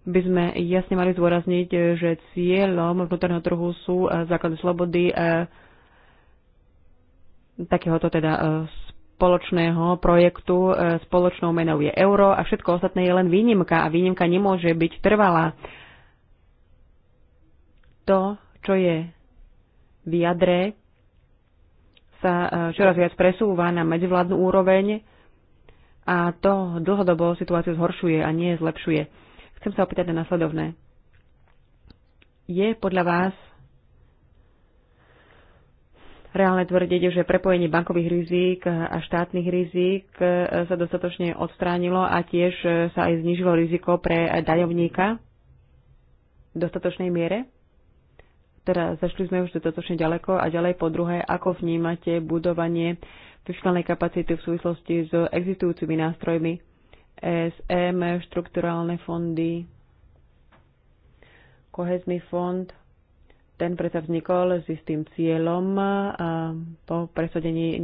by sme jasne mali zdôrazniť, že cieľom vnútorného trhu sú eh, základy slobody eh, takéhoto teda eh, spoločného projektu. Spoločnou menou je euro a všetko ostatné je len výnimka a výnimka nemôže byť trvalá. To, čo je v jadre sa e, čoraz viac presúva na medzivládnu úroveň a to dlhodobo situáciu zhoršuje a nie zlepšuje. Chcem sa opýtať na nasledovné. Je podľa vás reálne tvrdiť, že prepojenie bankových rizík a štátnych rizík e, sa dostatočne odstránilo a tiež e, sa aj znižilo riziko pre daňovníka v dostatočnej miere? teda zašli sme už dostatočne ďaleko a ďalej po druhé, ako vnímate budovanie fiskálnej kapacity v súvislosti s existujúcimi nástrojmi ESM, štrukturálne fondy, kohezný fond. Ten predsa vznikol s istým cieľom po presadení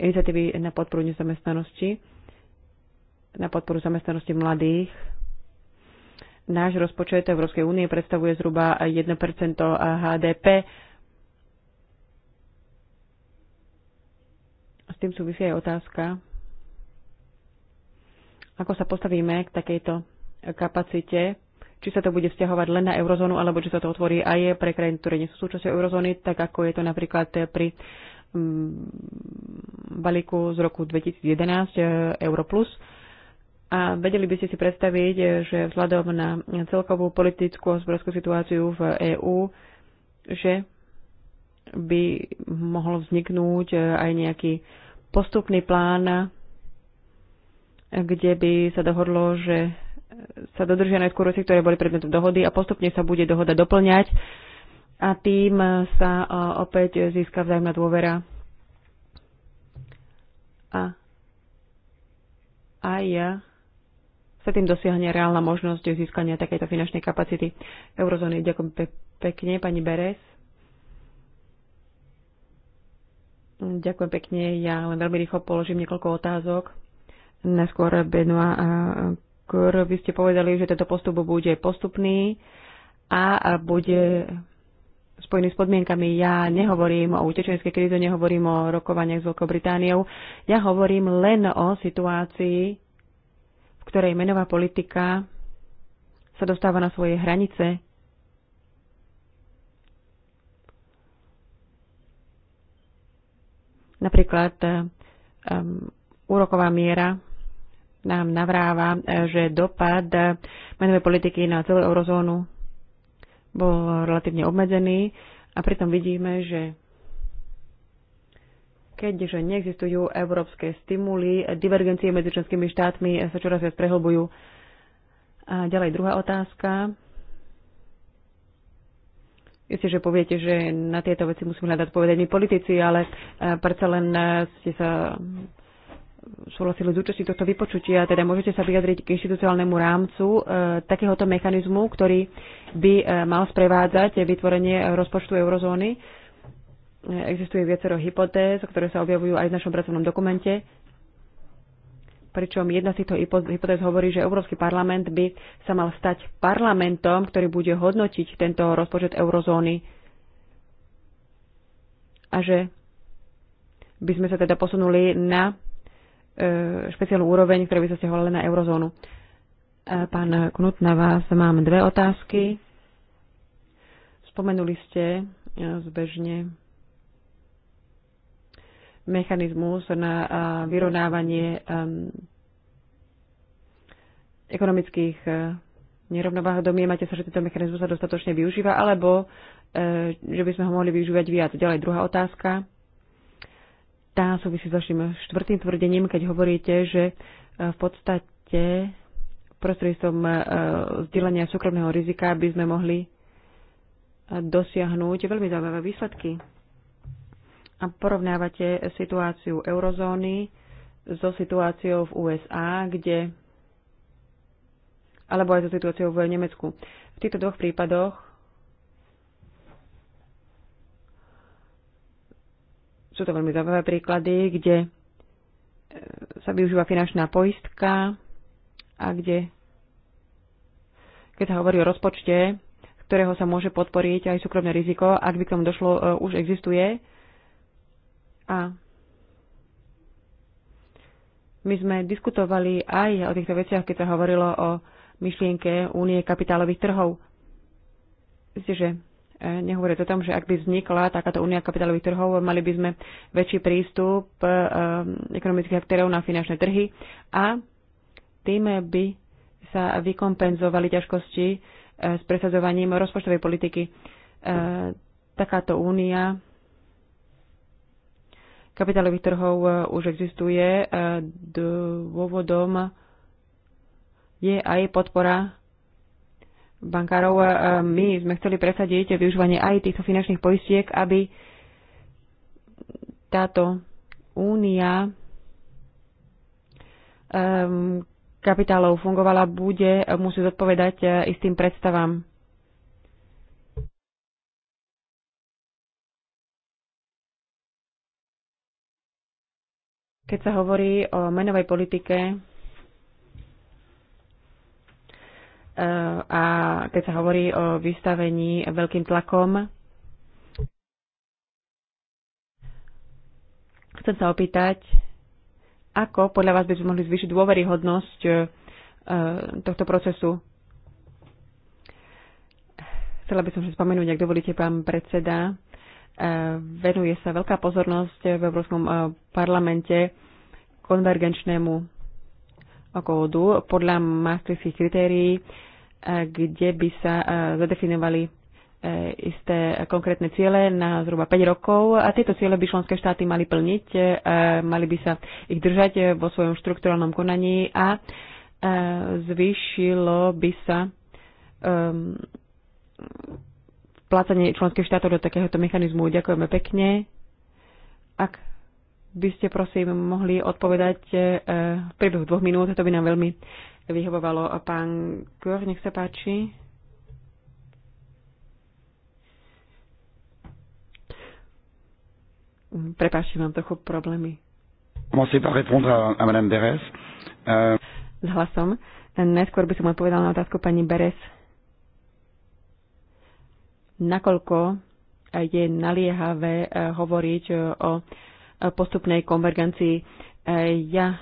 iniciatívy na podporu nezamestnanosti, na podporu zamestnanosti mladých Náš rozpočet Európskej únie predstavuje zhruba 1% HDP. S tým súvisí aj otázka, ako sa postavíme k takejto kapacite, či sa to bude vzťahovať len na eurozónu, alebo či sa to otvorí aj pre krajiny, ktoré nie sú súčasťou eurozóny, tak ako je to napríklad pri mm, balíku z roku 2011 Euro plus. A vedeli by ste si predstaviť, že vzhľadom na celkovú politickú a zbrojskú situáciu v EÚ, že by mohol vzniknúť aj nejaký postupný plán, kde by sa dohodlo, že sa dodržia najskôr veci, ktoré boli predmetom dohody a postupne sa bude dohoda doplňať a tým sa e, opäť získa vzájomná dôvera. A aj ja sa tým dosiahne reálna možnosť získania takejto finančnej kapacity eurozóny. Ďakujem pe- pekne, pani Beres. Ďakujem pekne. Ja len veľmi rýchlo položím niekoľko otázok. Neskôr Benoit a Kur, vy ste povedali, že tento postup bude postupný a bude spojený s podmienkami. Ja nehovorím o utečenskej kríze, nehovorím o rokovaniach s Veľkou Britániou. Ja hovorím len o situácii, ktorej menová politika sa dostáva na svoje hranice, Napríklad um, úroková miera nám navráva, eh, že dopad eh, menovej politiky na celú eurozónu bol relatívne obmedzený a pritom vidíme, že keďže neexistujú európske stimuly, divergencie medzi členskými štátmi sa čoraz viac prehlbujú. A ďalej druhá otázka. Jestli, že poviete, že na tieto veci musíme hľadať povedať my politici, ale e, predsa len e, ste sa súhlasili s účastí tohto vypočutia, teda môžete sa vyjadriť k inštitucionálnemu rámcu e, takéhoto mechanizmu, ktorý by e, mal sprevádzať vytvorenie rozpočtu eurozóny. Existuje viacero hypotéz, ktoré sa objavujú aj v našom pracovnom dokumente, pričom jedna z týchto hypotéz hovorí, že Európsky parlament by sa mal stať parlamentom, ktorý bude hodnotiť tento rozpočet eurozóny a že by sme sa teda posunuli na e, špeciálnu úroveň, ktorá by sa stiahovala na eurozónu. E, pán Knut, na vás mám dve otázky. Spomenuli ste e, zbežne mechanizmus na vyrovnávanie ekonomických e, nerovnováh. Domniemate sa, že tento mechanizmus sa dostatočne využíva, alebo e, že by sme ho mohli využívať viac. Ďalej druhá otázka. Tá súvisí s vašim štvrtým tvrdením, keď hovoríte, že e, v podstate prostredstvom vzdelania súkromného rizika by sme mohli dosiahnuť veľmi zaujímavé výsledky a porovnávate situáciu eurozóny so situáciou v USA, kde alebo aj so situáciou v Nemecku. V týchto dvoch prípadoch sú to veľmi zaujímavé príklady, kde e, sa využíva finančná poistka a kde, keď sa hovorí o rozpočte, ktorého sa môže podporiť aj súkromné riziko, ak by k tomu došlo, e, už existuje, a my sme diskutovali aj o týchto veciach, keď sa hovorilo o myšlienke únie kapitálových trhov. Myslíte, že e, nehovorí o tom, že ak by vznikla takáto únia kapitálových trhov, mali by sme väčší prístup e, ekonomických aktérov na finančné trhy a tým by sa vykompenzovali ťažkosti e, s presadzovaním rozpočtovej politiky. Takáto únia kapitálových trhov e, už existuje. E, dôvodom je aj podpora bankárov. E, my sme chceli presadiť využívanie aj týchto finančných poistiek, aby táto únia kapitálov fungovala, bude musí zodpovedať istým predstavám. Keď sa hovorí o menovej politike e, a keď sa hovorí o vystavení veľkým tlakom, chcem sa opýtať, ako podľa vás by sme mohli zvýšiť dôveryhodnosť e, tohto procesu chcela by som sa spomenúť, ak dovolíte, pán predseda, E, venuje sa veľká pozornosť v Európskom e, parlamente konvergenčnému kódu podľa maastrichtských kritérií, e, kde by sa zadefinovali isté konkrétne ciele na zhruba 5 rokov a tieto ciele by členské štáty mali plniť, mali by sa ich držať vo svojom štruktúralnom konaní a zvýšilo by sa vplácanie členských štátov do takéhoto mechanizmu. Ďakujeme pekne. Ak by ste prosím mohli odpovedať e, v priebehu dvoch minút, to by nám veľmi vyhovovalo. Pán Kor, nech sa páči. Prepáčte, mám trochu problémy. Euh, S hlasom. Najskôr by som odpovedal na otázku pani Beres nakoľko je naliehavé eh, hovoriť eh, o postupnej konvergencii. Eh, ja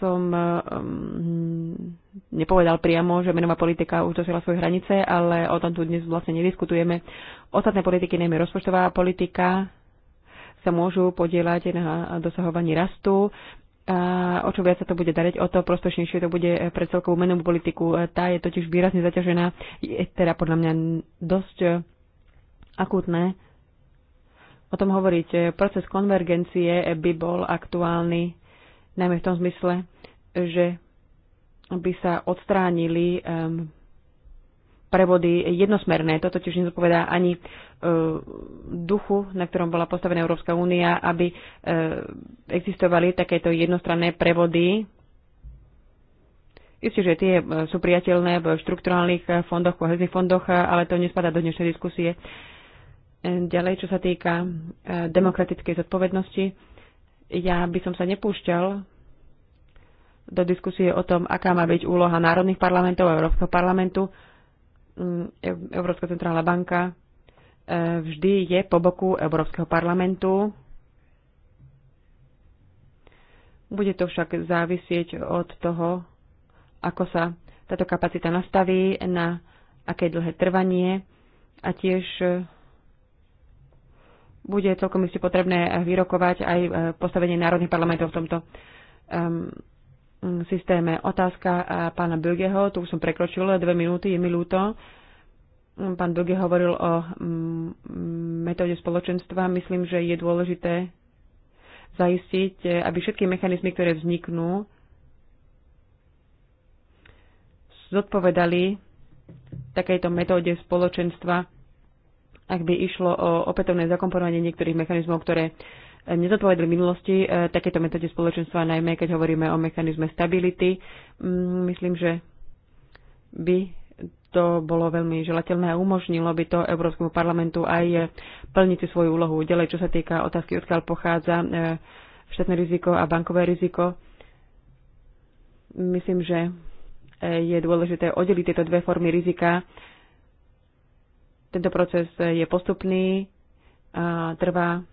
som mm, nepovedal priamo, že menová politika už dosiahla svoje hranice, ale o tom tu dnes vlastne nediskutujeme. Ostatné politiky, najmä rozpočtová politika, sa môžu podielať na dosahovaní rastu a o čo viac sa to bude dariť, o to prospešnejšie to bude eh, pre celkovú menovú politiku. Eh, tá je totiž výrazne zaťažená, je teda podľa mňa dosť eh, akútne. O tom hovoriť, proces konvergencie by bol aktuálny, najmä v tom zmysle, že by sa odstránili um, prevody jednosmerné. To totiž nezodpovedá ani e, duchu, na ktorom bola postavená Európska únia, aby e, existovali takéto jednostranné prevody. Isté, že tie e, sú priateľné v štrukturálnych e, fondoch, kohezných fondoch, e, ale to nespadá do dnešnej diskusie. Ďalej, čo sa týka demokratickej zodpovednosti, ja by som sa nepúšťal do diskusie o tom, aká má byť úloha národných parlamentov a Európskeho parlamentu Mm, Európska centrálna banka e, vždy je po boku Európskeho parlamentu. Bude to však závisieť od toho, ako sa táto kapacita nastaví, na aké dlhé trvanie a tiež e, bude celkom iste potrebné vyrokovať aj e, postavenie národných parlamentov v tomto. Ehm, Mm, systéme. Otázka eh, pána Bögeho, tu už som prekročil dve minúty, je mi ľúto. Mm, pán Böge hovoril o mm, metóde spoločenstva. Myslím, že je dôležité zaistiť, eh, aby všetky mechanizmy, ktoré vzniknú, zodpovedali takejto metóde spoločenstva, ak by išlo o opätovné zakomponovanie niektorých mechanizmov, ktoré nezodpovedali v minulosti e, takéto metóde spoločenstva, najmä keď hovoríme o mechanizme stability. Mm, myslím, že by to bolo veľmi želateľné a umožnilo by to Európskemu parlamentu aj plniť si svoju úlohu. Ďalej, čo sa týka otázky, odkiaľ pochádza e, štátne riziko a bankové riziko, myslím, že e, je dôležité oddeliť tieto dve formy rizika. Tento proces je postupný, a trvá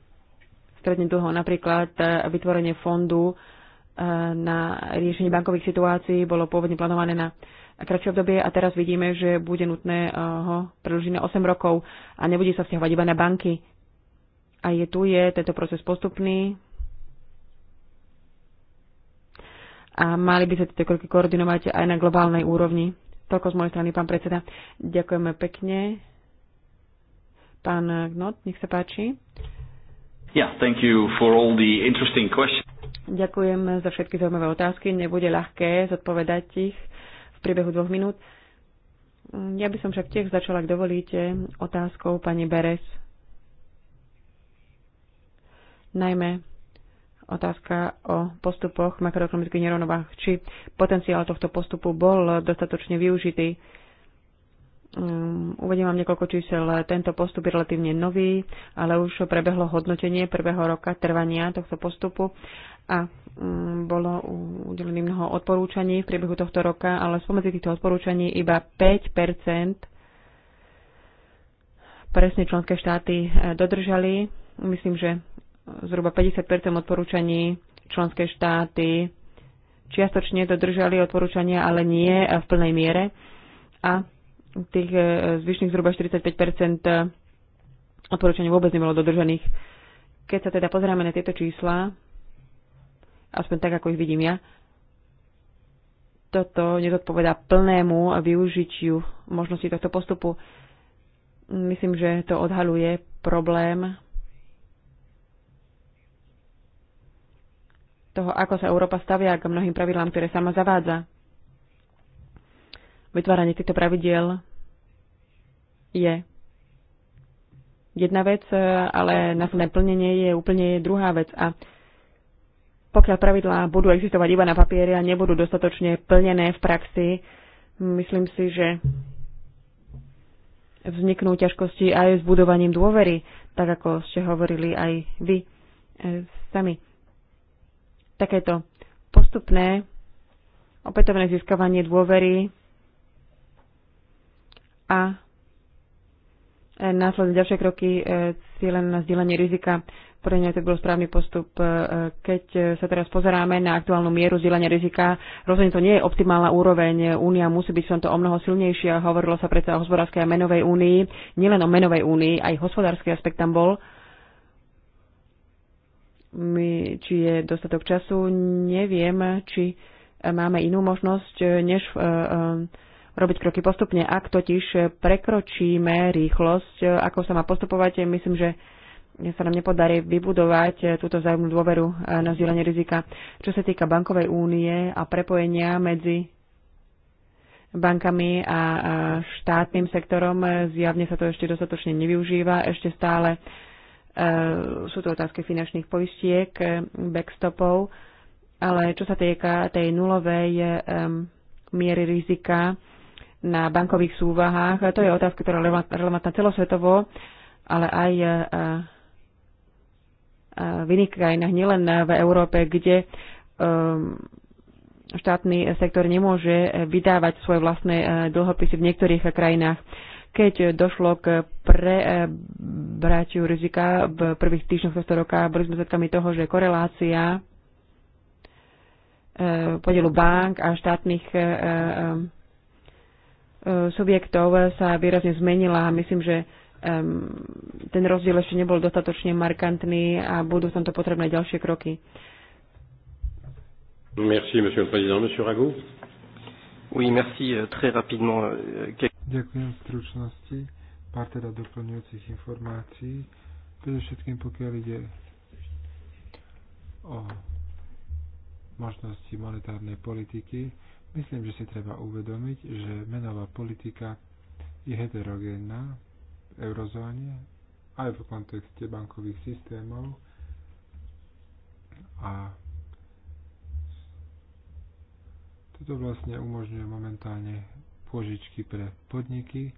stredne dlho, napríklad e, vytvorenie fondu e, na riešenie bankových situácií bolo pôvodne plánované na kratšie obdobie a teraz vidíme, že bude nutné e, ho predlžiť na 8 rokov a nebude sa vzťahovať iba na banky. A je tu je tento proces postupný a mali by sa tieto kroky koordinovať aj na globálnej úrovni. Toľko z mojej strany, pán predseda. Ďakujeme pekne. Pán Gnot, nech sa páči. Yeah, thank you for all the interesting questions. Ďakujem za všetky zaujímavé otázky. Nebude ľahké zodpovedať ich v priebehu dvoch minút. Ja by som však tiež začala, ak dovolíte, otázkou pani Beres. Najmä otázka o postupoch makroekonomických nerovnovách, či potenciál tohto postupu bol dostatočne využitý. Mm, uvediem vám niekoľko čísel. Tento postup je relatívne nový, ale už prebehlo hodnotenie prvého roka trvania tohto postupu a mm, bolo udelené mnoho odporúčaní v priebehu tohto roka, ale spomedzi týchto odporúčaní iba 5 presne členské štáty e, dodržali. Myslím, že zhruba 50 odporúčaní členské štáty čiastočne dodržali odporúčania, ale nie v plnej miere. A tých e, zvyšných zhruba 45 e, odporúčaní vôbec nebolo dodržaných. Keď sa teda pozrieme na tieto čísla, aspoň tak, ako ich vidím ja, toto nezodpovedá plnému využitiu možnosti tohto postupu. Myslím, že to odhaluje problém toho, ako sa Európa stavia k mnohým pravidlám, ktoré sama zavádza vytváranie týchto pravidiel je jedna vec, e, ale následné plnenie je úplne druhá vec. A pokiaľ pravidlá budú existovať iba na papieri a nebudú dostatočne plnené v praxi, myslím si, že vzniknú ťažkosti aj s budovaním dôvery, tak ako ste hovorili aj vy e, sami. Takéto postupné opätovné získavanie dôvery a následne ďalšie kroky e, cieľené na zdieľanie rizika. Pre mňa to bol správny postup. E, keď sa teraz pozeráme na aktuálnu mieru zdieľania rizika, rozhodne to nie je optimálna úroveň. Únia musí byť v tomto o mnoho silnejšia. Hovorilo sa predsa o hospodárskej a menovej únii, nielen o menovej únii, aj hospodársky aspekt tam bol. My, či je dostatok času, neviem, či máme inú možnosť, než e, robiť kroky postupne. Ak totiž prekročíme rýchlosť, ako sa má postupovať, myslím, že sa nám nepodarí vybudovať túto vzájomnú dôveru na zdieľanie rizika. Čo sa týka bankovej únie a prepojenia medzi bankami a štátnym sektorom, zjavne sa to ešte dostatočne nevyužíva. Ešte stále e, sú to otázky finančných poistiek, e, backstopov, ale čo sa týka tej nulovej e, miery rizika, na bankových súvahách. To je otázka, ktorá je relevantná celosvetovo, ale aj e, e, v iných krajinách, nielen v Európe, kde e, štátny sektor nemôže vydávať svoje vlastné dlhopisy v niektorých krajinách. Keď došlo k prebraťu rizika v prvých týždňoch tohto roka, boli sme svedkami toho, že korelácia podielu bank a štátnych subjektov sa výrazne zmenila a myslím, že ten rozdiel ešte nebol dostatočne markantný a budú tam to potrebné ďalšie kroky. Merci, monsieur le président. Monsieur Rago? Oui, merci, euh, très rapidement. Euh, Ďakujem v stručnosti. Pár teda doplňujúcich informácií. Predovšetkým pokiaľ ide o možnosti monetárnej politiky, Myslím, že si treba uvedomiť, že menová politika je heterogénna v eurozóne aj v kontexte bankových systémov a toto vlastne umožňuje momentálne požičky pre podniky,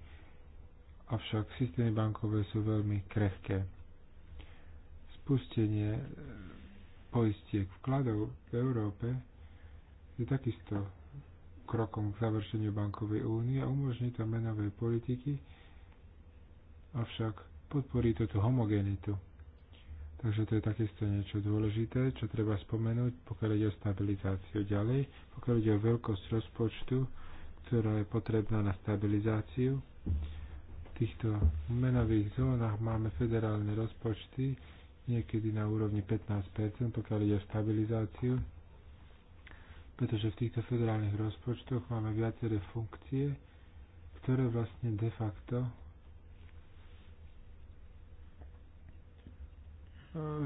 avšak systémy bankové sú veľmi krehké. Spustenie poistiek vkladov v Európe je takisto krokom k završeniu bankovej únie a umožní to menovej politiky, avšak podporí to tú homogenitu. Takže to je takisto niečo dôležité, čo treba spomenúť, pokiaľ ide o stabilizáciu ďalej, pokiaľ ide o veľkosť rozpočtu, ktorá je potrebná na stabilizáciu. V týchto menových zónach máme federálne rozpočty, niekedy na úrovni 15%, pokiaľ ide o stabilizáciu, pretože v týchto federálnych rozpočtoch máme viaceré funkcie, ktoré vlastne de facto e,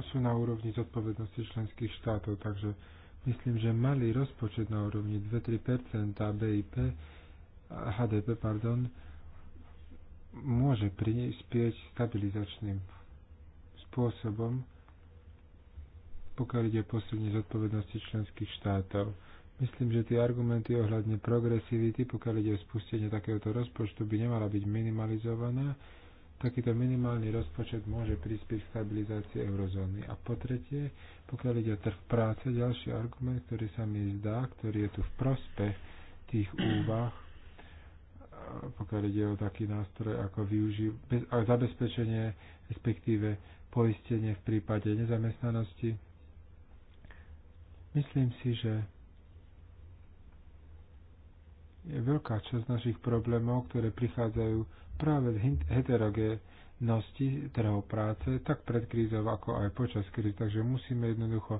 sú na úrovni zodpovednosti členských štátov, takže myslím, že malý rozpočet na úrovni 2-3% BIP, HDP, pardon, môže prispieť stabilizačným spôsobom, pokiaľ ide o posilnenie zodpovednosti členských štátov. Myslím, že tie argumenty ohľadne progresivity, pokiaľ ide o spustenie takéhoto rozpočtu, by nemala byť minimalizovaná. Takýto minimálny rozpočet môže prispieť k stabilizácii eurozóny. A po tretie, pokiaľ ide o trh práce, ďalší argument, ktorý sa mi zdá, ktorý je tu v prospech tých úvah, pokiaľ ide o taký nástroj ako využi- bez, a zabezpečenie, respektíve poistenie v prípade nezamestnanosti. Myslím si, že je veľká časť našich problémov, ktoré prichádzajú práve z heterogénosti trhu práce, tak pred krízou, ako aj počas krízy. Takže musíme jednoducho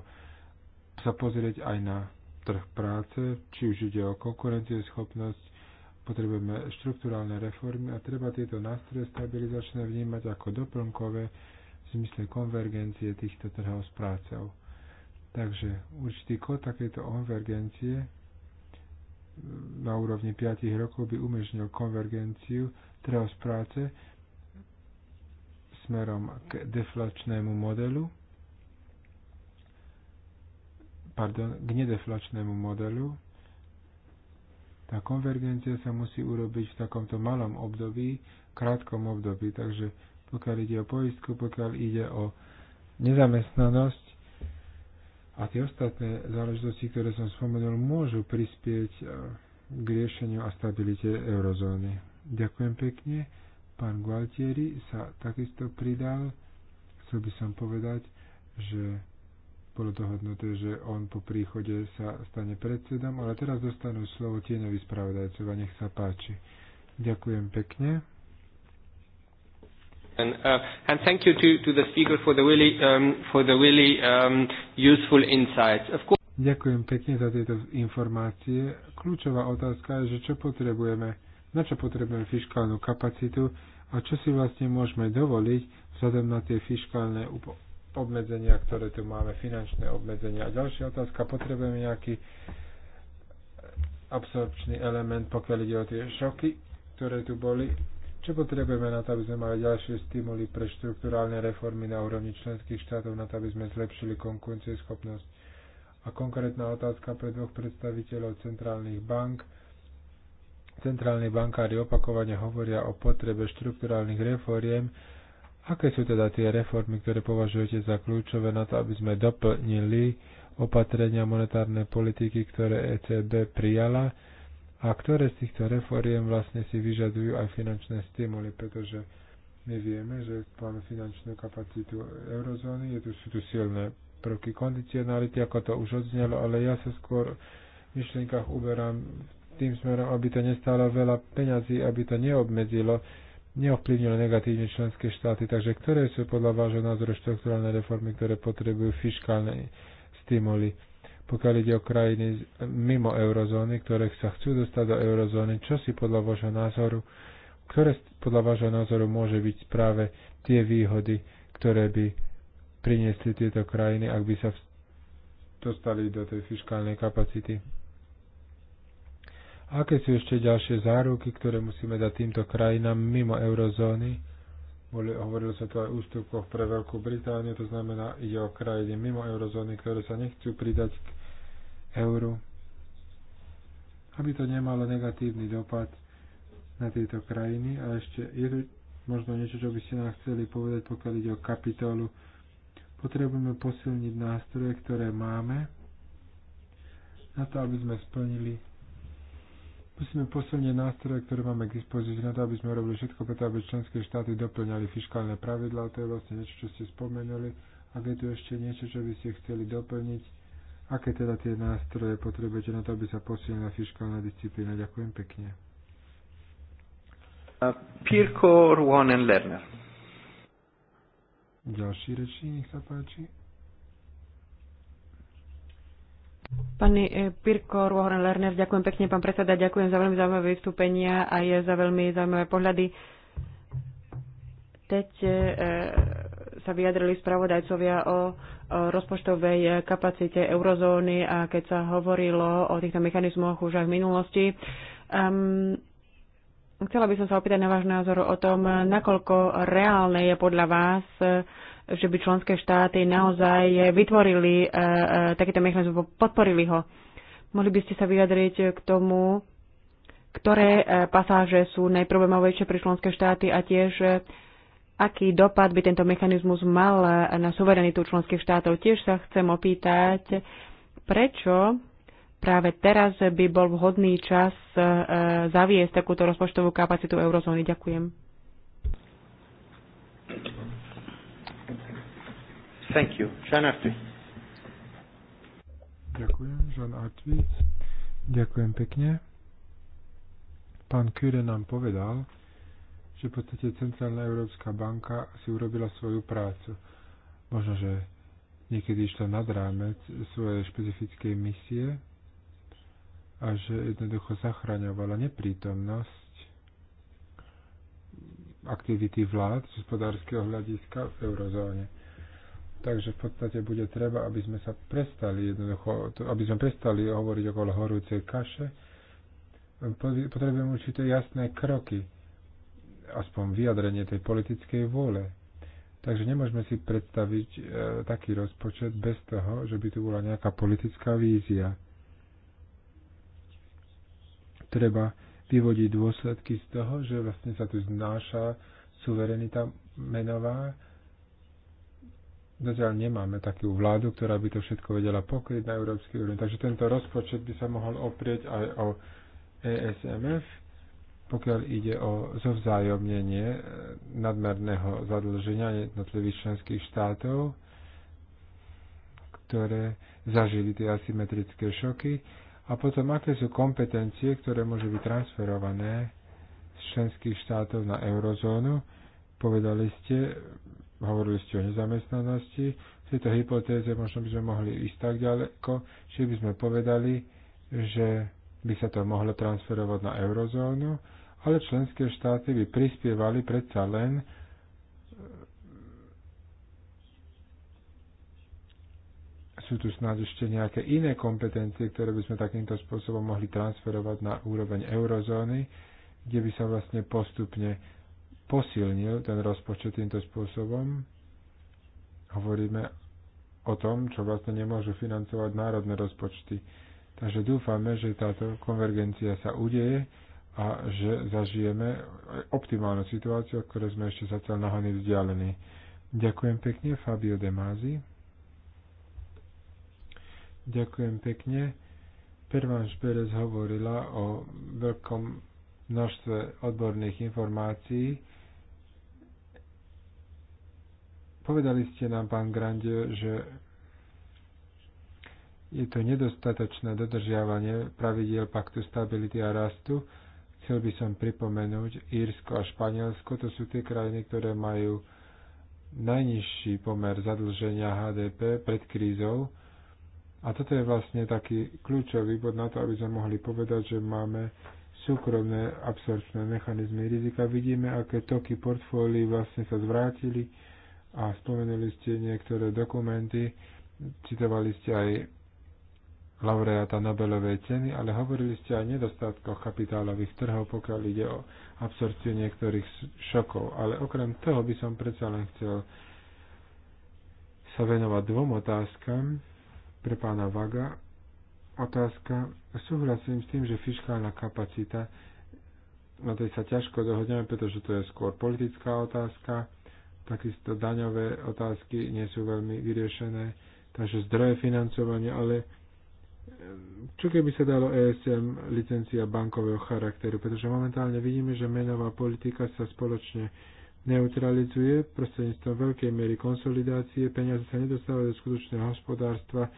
sa pozrieť aj na trh práce, či už ide o konkurencieschopnosť, potrebujeme štruktúrálne reformy a treba tieto nástroje stabilizačné vnímať ako doplnkové v zmysle konvergencie týchto trhov s prácou. Takže určitý kód takéto konvergencie na úrovni 5 rokov by umožnil konvergenciu trhu z práce smerom k deflačnému modelu, pardon, k nedeflačnému modelu. Tá konvergencia sa musí urobiť v takomto malom období, krátkom období, takže pokiaľ ide o poistku, pokiaľ ide o nezamestnanosť, a tie ostatné záležitosti, ktoré som spomenul, môžu prispieť eh, k riešeniu a stabilite eurozóny. Ďakujem pekne. Pán Gualtieri sa takisto pridal. Chcel by som povedať, že bolo dohodnuté, že on po príchode sa stane predsedom, ale teraz dostanú slovo tieňovi spravodajcov a nech sa páči. Ďakujem pekne. And, uh, and thank you to, to the speaker for the really, um, for the really um, useful insights. Of course... Ďakujem pekne za tieto informácie. Kľúčová otázka je, že čo potrebujeme, na čo potrebujeme fiskálnu kapacitu a čo si vlastne môžeme dovoliť vzhľadom na tie fiskálne obmedzenia, ktoré tu máme, finančné obmedzenia. A ďalšia otázka, potrebujeme nejaký absorpčný element, pokiaľ ide o tie šoky, ktoré tu boli čo potrebujeme na to, aby sme mali ďalšie stimuly pre štruktúrálne reformy na úrovni členských štátov, na to, aby sme zlepšili konkurencieschopnosť? A konkrétna otázka pre dvoch predstaviteľov centrálnych bank. Centrálni bankári opakovane hovoria o potrebe štruktúrálnych reforiem. Aké sú teda tie reformy, ktoré považujete za kľúčové na to, aby sme doplnili opatrenia monetárnej politiky, ktoré ECB prijala? a ktoré z týchto reforiem vlastne si vyžadujú aj finančné stimuly, pretože my vieme, že máme finančnú kapacitu eurozóny, je tu, sú tu silné prvky kondicionality, ako to už odznelo, ale ja sa skôr v myšlienkach uberám tým smerom, aby to nestalo veľa peňazí, aby to neobmedzilo, neovplyvnilo negatívne členské štáty. Takže ktoré sú podľa vášho názoru štrukturálne reformy, ktoré potrebujú fiskálne stimuly? pokiaľ ide o krajiny mimo eurozóny, ktoré sa chcú dostať do eurozóny, čo si podľa vášho názoru, ktoré podľa vášho názoru môže byť práve tie výhody, ktoré by priniesli tieto krajiny, ak by sa dostali do tej fiskálnej kapacity. Aké sú ešte ďalšie záruky, ktoré musíme dať týmto krajinám mimo eurozóny? hovorilo sa tu aj o ústupkoch pre Veľkú Britániu, to znamená, ide o krajiny mimo eurozóny, ktoré sa nechcú pridať k euro, aby to nemalo negatívny dopad na tieto krajiny. A ešte je tu možno niečo, čo by ste nám chceli povedať, pokiaľ ide o kapitolu. Potrebujeme posilniť nástroje, ktoré máme, na to, aby sme splnili Musíme posilniť nástroje, ktoré máme k dispozícii na to, aby sme robili všetko preto, aby členské štáty doplňali fiskálne pravidlá. To je vlastne niečo, čo ste spomenuli. Ak je tu ešte niečo, čo by ste chceli doplniť, Aké teda tie nástroje potrebujete na to, aby sa posilnila fiskálna disciplína? Ďakujem pekne. Pirko Ruonen Lerner. Ďalší rečník, nech sa páči. Pani e, Pirko Ruohoren Lerner, ďakujem pekne, pán predseda, ďakujem za veľmi zaujímavé vystúpenia a je za veľmi zaujímavé pohľady. Teď e, e, sa vyjadrili spravodajcovia o rozpočtovej kapacite eurozóny a keď sa hovorilo o týchto mechanizmoch už aj v minulosti. Um, chcela by som sa opýtať na váš názor o tom, nakoľko reálne je podľa vás, že by členské štáty naozaj vytvorili uh, uh, takýto mechanizmus, podporili ho. Mohli by ste sa vyjadriť k tomu, ktoré uh, pasáže sú najproblémovejšie pre členské štáty a tiež aký dopad by tento mechanizmus mal na suverenitu členských štátov. Tiež sa chcem opýtať, prečo práve teraz by bol vhodný čas e, zaviesť takúto rozpočtovú kapacitu eurozóny. Ďakujem. Thank you. Jean Ďakujem, Jean Ďakujem pekne. Pán Kyre nám povedal, že v podstate Centrálna Európska banka si urobila svoju prácu. Možno, že niekedy išla nad rámec svojej špecifickej misie a že jednoducho zachraňovala neprítomnosť aktivity vlád z hospodárskeho hľadiska v eurozóne. Takže v podstate bude treba, aby sme sa prestali jednoducho, aby sme prestali hovoriť okolo horúcej kaše. Potrebujeme určité jasné kroky aspoň vyjadrenie tej politickej vôle. Takže nemôžeme si predstaviť e, taký rozpočet bez toho, že by tu bola nejaká politická vízia. Treba vyvodiť dôsledky z toho, že vlastne sa tu znáša suverenita menová. Zatiaľ nemáme takú vládu, ktorá by to všetko vedela pokryť na európskej úrovni. Takže tento rozpočet by sa mohol oprieť aj o ESMF, pokiaľ ide o zovzájomnenie e, nadmerného zadlženia jednotlivých členských štátov, ktoré zažili tie asymetrické šoky a potom aké sú kompetencie, ktoré môžu byť transferované z členských štátov na eurozónu. Povedali ste, hovorili ste o nezamestnanosti, v tejto hypotéze možno by sme mohli ísť tak ďaleko, či by sme povedali, že by sa to mohlo transferovať na eurozónu, ale členské štáty by prispievali predsa len sú tu snáď ešte nejaké iné kompetencie, ktoré by sme takýmto spôsobom mohli transferovať na úroveň eurozóny, kde by sa vlastne postupne posilnil ten rozpočet týmto spôsobom. Hovoríme o tom, čo vlastne nemôžu financovať národné rozpočty. Takže dúfame, že táto konvergencia sa udeje a že zažijeme optimálnu situáciu, od ktorej sme ešte zatiaľ nahony vzdialení. Ďakujem pekne, Fabio De Mazi. Ďakujem pekne. Pervan Pérez hovorila o veľkom množstve odborných informácií. Povedali ste nám, pán Grande, že je to nedostatočné dodržiavanie pravidiel paktu stability a rastu, Chcel by som pripomenúť, Írsko a Španielsko to sú tie krajiny, ktoré majú najnižší pomer zadlženia HDP pred krízou. A toto je vlastne taký kľúčový bod na to, aby sme mohli povedať, že máme súkromné absorpčné mechanizmy rizika. Vidíme, aké toky portfólií vlastne sa zvrátili a spomenuli ste niektoré dokumenty, citovali ste aj laureáta Nobelovej ceny, ale hovorili ste aj o nedostatkoch kapitálových trhov, pokiaľ ide o absorpciu niektorých šokov. Ale okrem toho by som predsa len chcel sa venovať dvom otázkam pre pána Vaga. Otázka, súhlasím s tým, že fiskálna kapacita, na tej sa ťažko dohodneme, pretože to je skôr politická otázka, takisto daňové otázky nie sú veľmi vyriešené, takže zdroje financovania, ale čo keby sa dalo ESM licencia bankového charakteru, pretože momentálne vidíme, že menová politika sa spoločne neutralizuje prostredníctvom veľkej miery konsolidácie, peniaze sa nedostávajú do skutočného hospodárstva,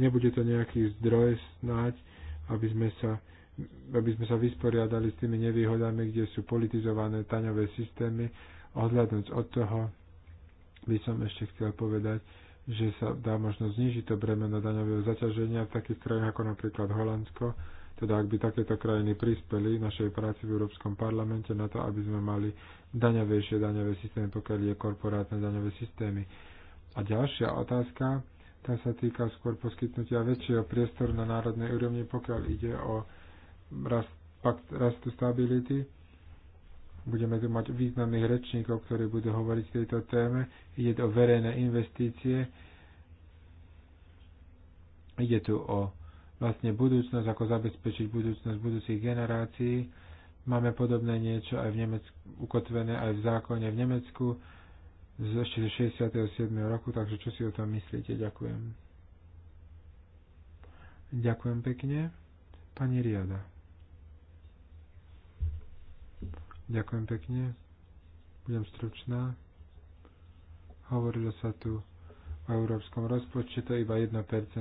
nebude to nejaký zdroj snáď, aby sme sa aby sme sa vysporiadali s tými nevýhodami, kde sú politizované taňové systémy. Ohľadnúť od toho by som ešte chcel povedať, že sa dá možno znižiť to bremeno daňového zaťaženia v takých krajinách ako napríklad Holandsko, teda ak by takéto krajiny prispeli našej práci v Európskom parlamente na to, aby sme mali daňovejšie daňové systémy, pokiaľ je korporátne daňové systémy. A ďalšia otázka, tá sa týka skôr poskytnutia väčšieho priestoru na národnej úrovni, pokiaľ ide o rast, pakt rastu stability Budeme tu mať významných rečníkov, ktorí budú hovoriť k tejto téme. Ide o verejné investície. Ide tu o vlastne budúcnosť, ako zabezpečiť budúcnosť budúcich generácií. Máme podobné niečo aj v Nemecku, ukotvené aj v zákone v Nemecku z ešte 67. roku, takže čo si o tom myslíte? Ďakujem. Ďakujem pekne. Pani Riada. Ďakujem pekne. Budem stručná. Hovorilo sa tu o európskom rozpočte, to iba 1%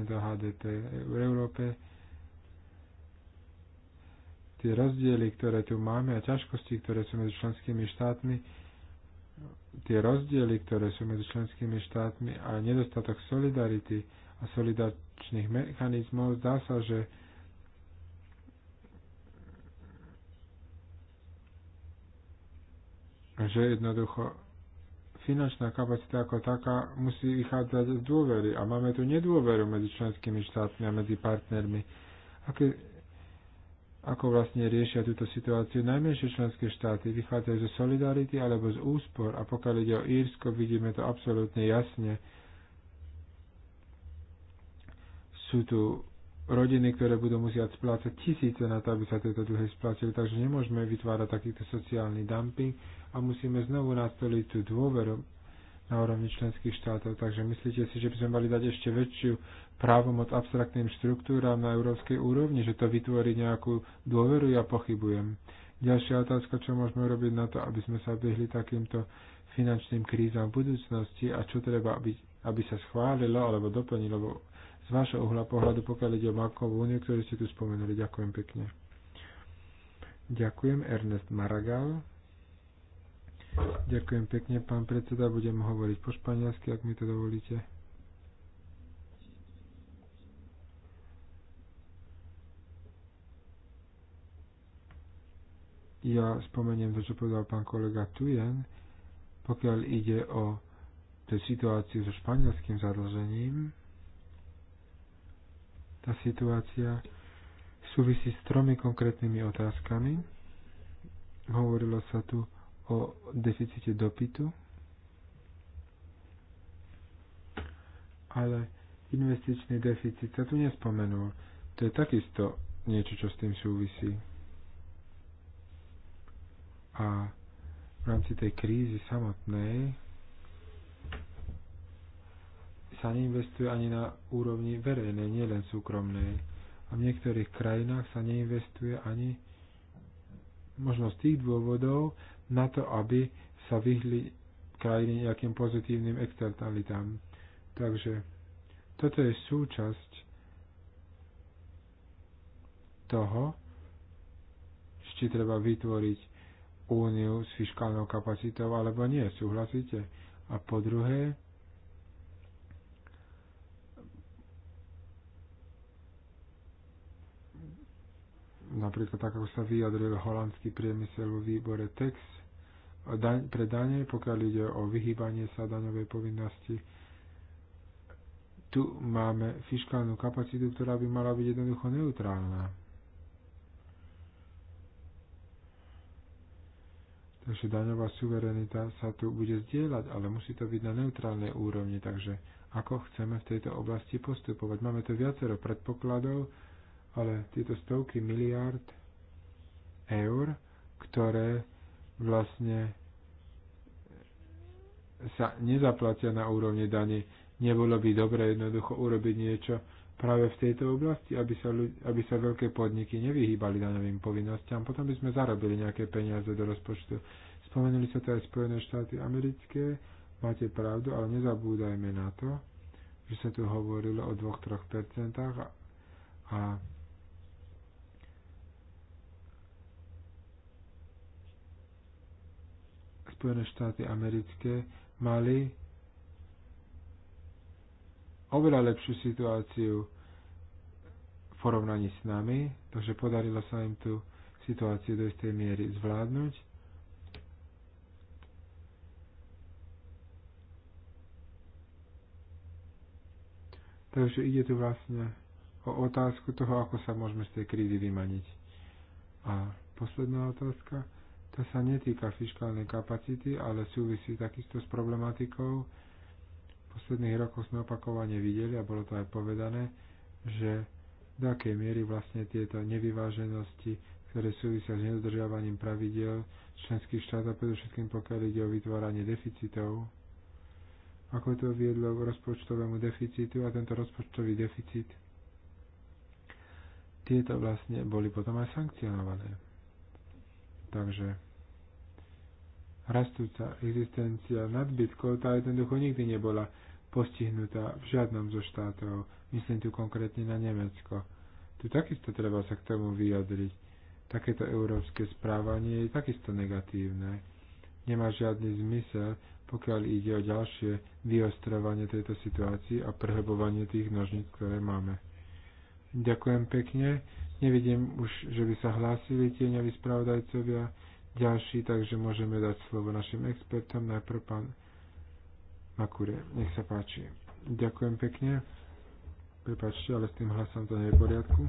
HDP v Európe. Tie rozdiely, ktoré tu máme a ťažkosti, ktoré sú medzi členskými štátmi, tie rozdiely, ktoré sú medzi členskými štátmi a nedostatok solidarity a solidačných mechanizmov, zdá sa, že že jednoducho finančná kapacita ako taká musí vychádzať z dôvery a máme tu nedôveru medzi členskými štátmi a medzi partnermi. Aké, ako vlastne riešia túto situáciu najmenšie členské štáty? Vychádzajú zo solidarity alebo z úspor a pokiaľ ide o Írsko, vidíme to absolútne jasne. Sú tu rodiny, ktoré budú musieť splácať tisíce na to, aby sa tieto dlhy splácili, Takže nemôžeme vytvárať takýto sociálny dumping a musíme znovu nastoliť tú dôveru na úrovni členských štátov. Takže myslíte si, že by sme mali dať ešte väčšiu právomoc abstraktným štruktúram na európskej úrovni, že to vytvorí nejakú dôveru? Ja pochybujem. Ďalšia otázka, čo môžeme robiť na to, aby sme sa vyhli takýmto finančným krízam v budúcnosti a čo treba, aby, aby sa schválilo alebo doplnilo z vášho uhla pohľadu, pokiaľ ide o bankovú úniu, ktorú ste tu spomenuli. Ďakujem pekne. Ďakujem, Ernest Maragal. Ďakujem pekne, pán predseda. Budem hovoriť po španielsky, ak mi to dovolíte. Ja spomeniem to, čo povedal pán kolega Tujen, pokiaľ ide o tú situáciu so španielským zadlžením. Tá situácia súvisí s tromi konkrétnymi otázkami. Hovorilo sa tu o deficite dopytu, ale investičný deficit sa tu nespomenul. To je takisto niečo, čo s tým súvisí. A v rámci tej krízy samotnej sa neinvestuje ani na úrovni verejnej, nielen súkromnej. A v niektorých krajinách sa neinvestuje ani možno z tých dôvodov na to, aby sa vyhli krajiny nejakým pozitívnym externalitám. Takže toto je súčasť toho, či treba vytvoriť úniu s fiskálnou kapacitou alebo nie. Súhlasíte? A po druhé, napríklad tak, ako sa vyjadril holandský priemysel vo výbore TEX pre dane, pokiaľ ide o vyhýbanie sa daňovej povinnosti. Tu máme fiskálnu kapacitu, ktorá by mala byť jednoducho neutrálna. Takže daňová suverenita sa tu bude zdieľať, ale musí to byť na neutrálnej úrovni. Takže ako chceme v tejto oblasti postupovať? Máme tu viacero predpokladov, ale tieto stovky miliárd eur, ktoré vlastne sa nezaplatia na úrovni dane. Nebolo by dobre jednoducho urobiť niečo práve v tejto oblasti, aby sa, aby sa veľké podniky nevyhýbali daňovým povinnostiam. Potom by sme zarobili nejaké peniaze do rozpočtu. Spomenuli sa to aj Spojené štáty americké, máte pravdu, ale nezabúdajme na to, že sa tu hovorilo o 2-3% a, a Spojené štáty americké mali oveľa lepšiu situáciu v porovnaní s nami, takže podarilo sa im tú situáciu do istej miery zvládnuť. Takže ide tu vlastne o otázku toho, ako sa môžeme z tej krízy vymaniť. A posledná otázka. To sa netýka fiskálnej kapacity, ale súvisí takisto s problematikou. V posledných rokoch sme opakovane videli, a bolo to aj povedané, že do akej miery vlastne tieto nevyváženosti, ktoré súvisia s nedodržiavaním pravidel členských štátov, predovšetkým pokiaľ ide o vytváranie deficitov, ako to viedlo k rozpočtovému deficitu a tento rozpočtový deficit, tieto vlastne boli potom aj sankcionované. Takže rastúca existencia nadbytkov, tá jednoducho nikdy nebola postihnutá v žiadnom zo štátov. Myslím tu konkrétne na Nemecko. Tu takisto treba sa k tomu vyjadriť. Takéto európske správanie je takisto negatívne. Nemá žiadny zmysel, pokiaľ ide o ďalšie vyostrovanie tejto situácii a prehlbovanie tých nožníc, ktoré máme. Ďakujem pekne. Nevidím už, že by sa hlásili tieňoví spravodajcovia ďalší, takže môžeme dať slovo našim expertom. Najprv pán Makure, nech sa páči. Ďakujem pekne. Prepačte, ale s tým hlasom to nie je v poriadku.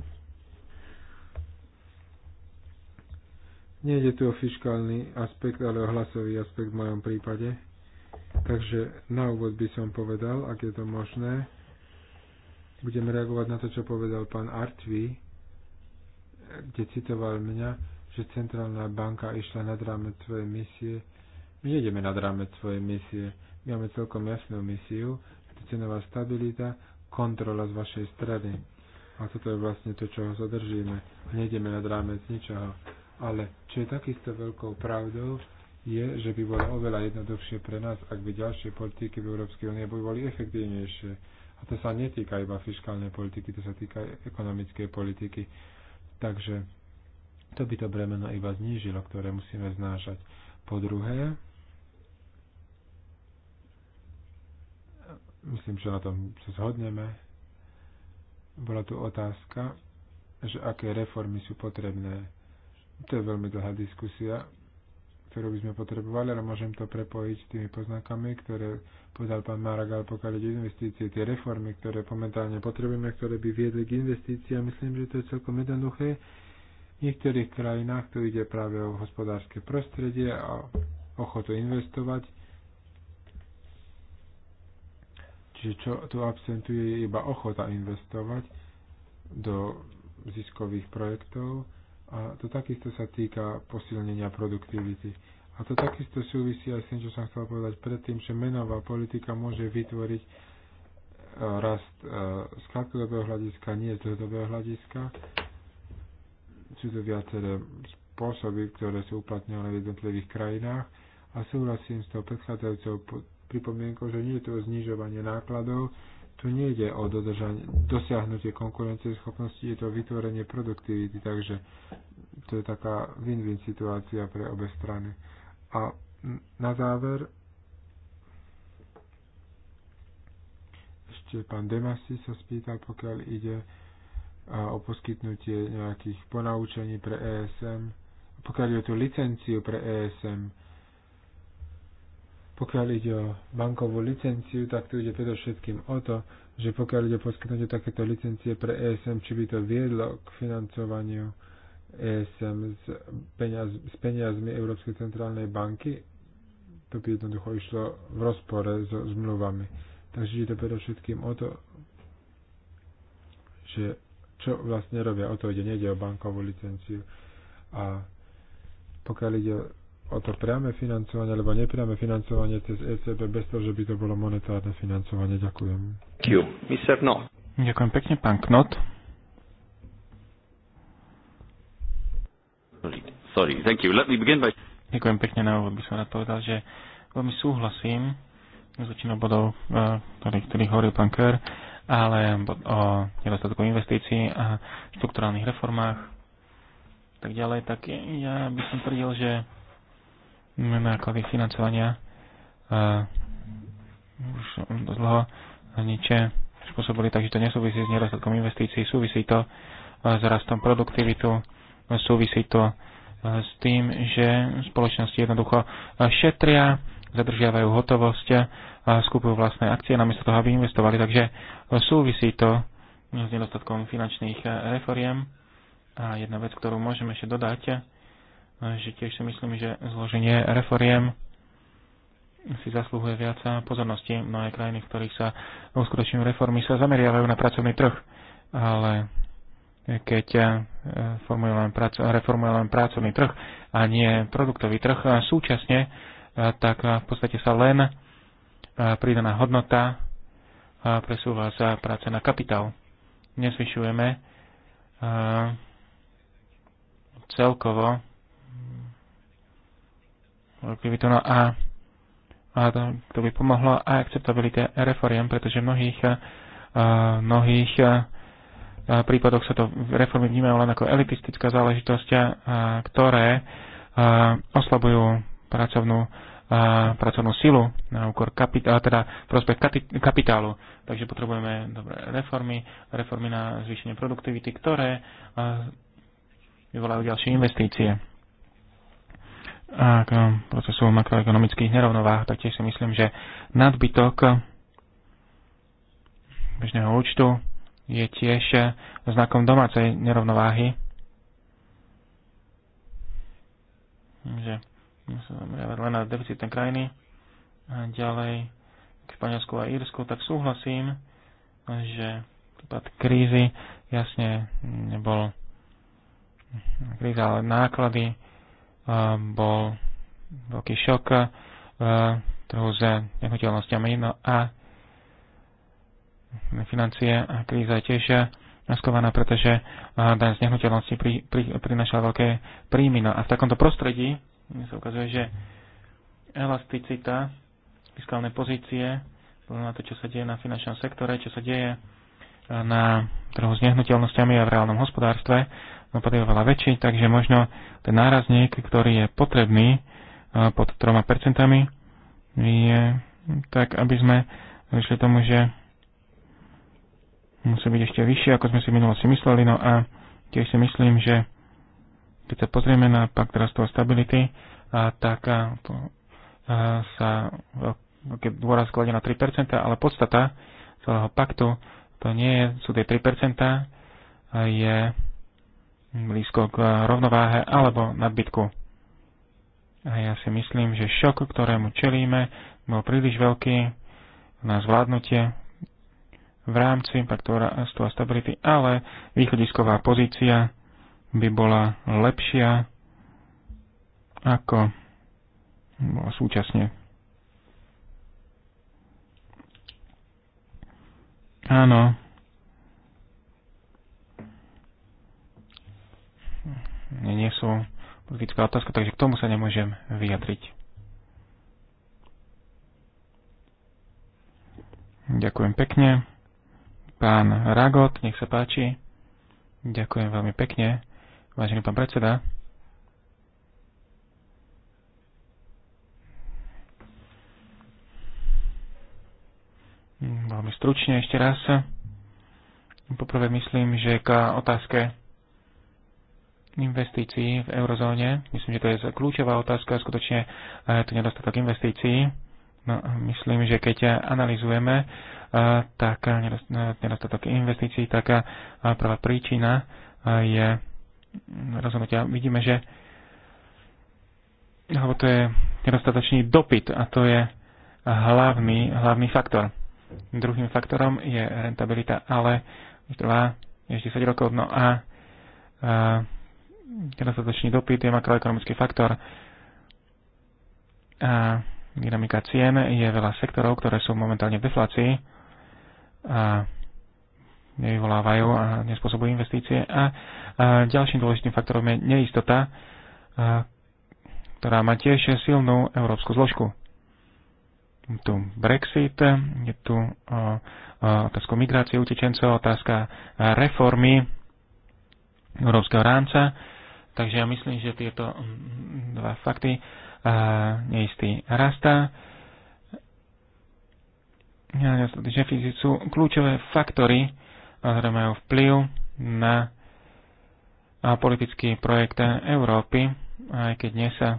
Nejde tu o fiskálny aspekt, ale o hlasový aspekt v mojom prípade. Takže na úvod by som povedal, ak je to možné, budem reagovať na to, čo povedal pán Artvi, kde citoval mňa, že centrálna banka išla nad rámec svojej misie. My nejdeme nad rámec svojej misie. My máme celkom jasnú misiu, to cenová stabilita, kontrola z vašej strany. A toto je vlastne to, čoho zadržíme. držíme. Nejdeme nad rámec ničoho. Ale čo je takisto veľkou pravdou, je, že by bolo oveľa jednoduchšie pre nás, ak by ďalšie politiky v Európskej únie by boli efektívnejšie. A to sa netýka iba fiskálnej politiky, to sa týka ekonomickej politiky. Takže to by to bremeno iba znížilo, ktoré musíme znášať. Po druhé, myslím, že na tom sa zhodneme, bola tu otázka, že aké reformy sú potrebné. To je veľmi dlhá diskusia, ktorú by sme potrebovali, ale môžem to prepojiť s tými poznakami, ktoré povedal pán Maragal, pokiaľ ide investície, tie reformy, ktoré momentálne potrebujeme, ktoré by viedli k investíciám. Myslím, že to je celkom jednoduché. V niektorých krajinách tu ide práve o hospodárske prostredie a ochotu investovať. Čiže čo tu absentuje je iba ochota investovať do ziskových projektov a to takisto sa týka posilnenia produktivity. A to takisto súvisí aj s tým, čo som chcel povedať predtým, že menová politika môže vytvoriť e, rast e, z krátkodobého hľadiska, nie z dlhodobého hľadiska. Sú to viaceré spôsoby, ktoré sú uplatňované v jednotlivých krajinách a súhlasím s tou predchádzajúcou pripomienkou, že nie je to znižovanie nákladov, tu nejde o dodržanie, dosiahnutie konkurencie schopnosti, je to vytvorenie produktivity, takže to je taká win-win situácia pre obe strany. A na záver ešte pán Demasi sa spýtal, pokiaľ ide o poskytnutie nejakých ponaučení pre ESM, pokiaľ je tu licenciu pre ESM, pokiaľ ide o bankovú licenciu, tak tu ide predovšetkým o to, že pokiaľ ide o poskytnutie takéto licencie pre ESM, či by to viedlo k financovaniu ESM s, peniaz, s peniazmi Európskej centrálnej banky, to by jednoducho išlo v rozpore so zmluvami. Takže ide to predovšetkým o to, že čo vlastne robia, o to ide, nejde o bankovú licenciu. A pokiaľ ide o o to priame financovanie alebo nepriame financovanie cez ECB bez toho, že by to bolo monetárne financovanie. Ďakujem. Ďakujem pekne, pán Knot. Sorry, thank you. Let me begin by... Ďakujem pekne na úvod, by som rád povedal, že veľmi súhlasím s väčšinou bodov, eh, ktorých, ktorých hovoril pán Kerr, ale o nedostatku investícií a štruktúrálnych reformách tak ďalej, tak ja by som tvrdil, že náklady financovania už dlho niče spôsobili, takže to nesúvisí s nedostatkom investícií, súvisí to s rastom produktivitu, súvisí to s tým, že spoločnosti jednoducho šetria, zadržiavajú hotovosť, a skupujú vlastné akcie namiesto toho, aby investovali. Takže súvisí to s nedostatkom finančných reforiem. A jedna vec, ktorú môžeme ešte dodať, že tiež si myslím, že zloženie reforiem si zaslúhuje viac pozornosti. Mnohé krajiny, v ktorých sa uskutočňujú reformy, sa zameriavajú na pracovný trh, ale keď eh, formuje len prac- reformuje len pracovný trh a nie produktový trh eh, súčasne, eh, tak v podstate sa len pridaná hodnota presúva sa práce na kapitál. Nezvyšujeme celkovo to na a, a to, to by pomohlo aj akceptabilite reforiem, pretože v mnohých, mnohých prípadoch sa to reformy vnímajú len ako elitistická záležitosť, ktoré oslabujú pracovnú a pracovnú silu na úkor kapitálu, teda prospech kapitálu. Takže potrebujeme dobré reformy, reformy na zvýšenie produktivity, ktoré vyvolajú ďalšie investície a k procesu makroekonomických nerovnováh, tak tiež si myslím, že nadbytok bežného účtu je tiež znakom domácej nerovnováhy. Že sa len na deficitné krajiny a ďalej k Španielsku a Írsku, tak súhlasím, že prípad krízy jasne nebol kríza, ale náklady bol veľký šok e, trhu s nehnuteľnosťami. No a financie a kríza je tiež naskovaná, pretože e, daň z nehnuteľnosti pri, pri, prinašala veľké príjmy. No a v takomto prostredí sa ukazuje, že elasticita fiskálnej pozície, na to, čo sa deje na finančnom sektore, čo sa deje e, na trhu s nehnuteľnosťami a v reálnom hospodárstve, dopad oveľa väčší, takže možno ten nárazník, ktorý je potrebný e, pod 3% je tak, aby sme vyšli tomu, že musí byť ešte vyššie, ako sme si minulo si mysleli. No a tiež si myslím, že keď sa pozrieme na pakt rastu a stability, a, tak a, a, sa keď dôraz kladie na 3%, ale podstata celého paktu to nie je, sú tie 3%, je blízko k eh, rovnováhe alebo nadbytku. A ja si myslím, že šok, ktorému čelíme, bol príliš veľký na zvládnutie v rámci paktu a stability, ale východisková pozícia by bola lepšia ako bola súčasne. Áno, nie sú politická otázka, takže k tomu sa nemôžem vyjadriť. Ďakujem pekne. Pán Ragot, nech sa páči. Ďakujem veľmi pekne. Vážený pán predseda. Veľmi stručne ešte raz. Poprvé myslím, že k otázke investícií v eurozóne. Myslím, že to je kľúčová otázka, skutočne je eh, tu nedostatok investícií. No, myslím, že keď eh, analizujeme eh, tak nedostatok investícií, tak prvá príčina je hm, rozhodnutia. Vidíme, že alebo to je nedostatočný dopyt a to je hlavný, hlavný faktor. Druhým faktorom je rentabilita, ale už trvá ešte 10 rokov. No a, a nedostatočný dopyt je makroekonomický faktor. A dynamika cien je veľa sektorov, ktoré sú momentálne v deflácii a nevyvolávajú a nespôsobujú investície. A, a ďalším dôležitým faktorom je neistota, a, ktorá má tiež silnú európsku zložku. Je Tu Brexit, je tu o, o, otázka migrácie utečencov, otázka reformy európskeho rámca, Takže ja myslím, že tieto mm, mm, dva fakty, eh, neistý rasta, že sú kľúčové faktory, ktoré majú vplyv na politický projekt Európy, aj keď dnes sa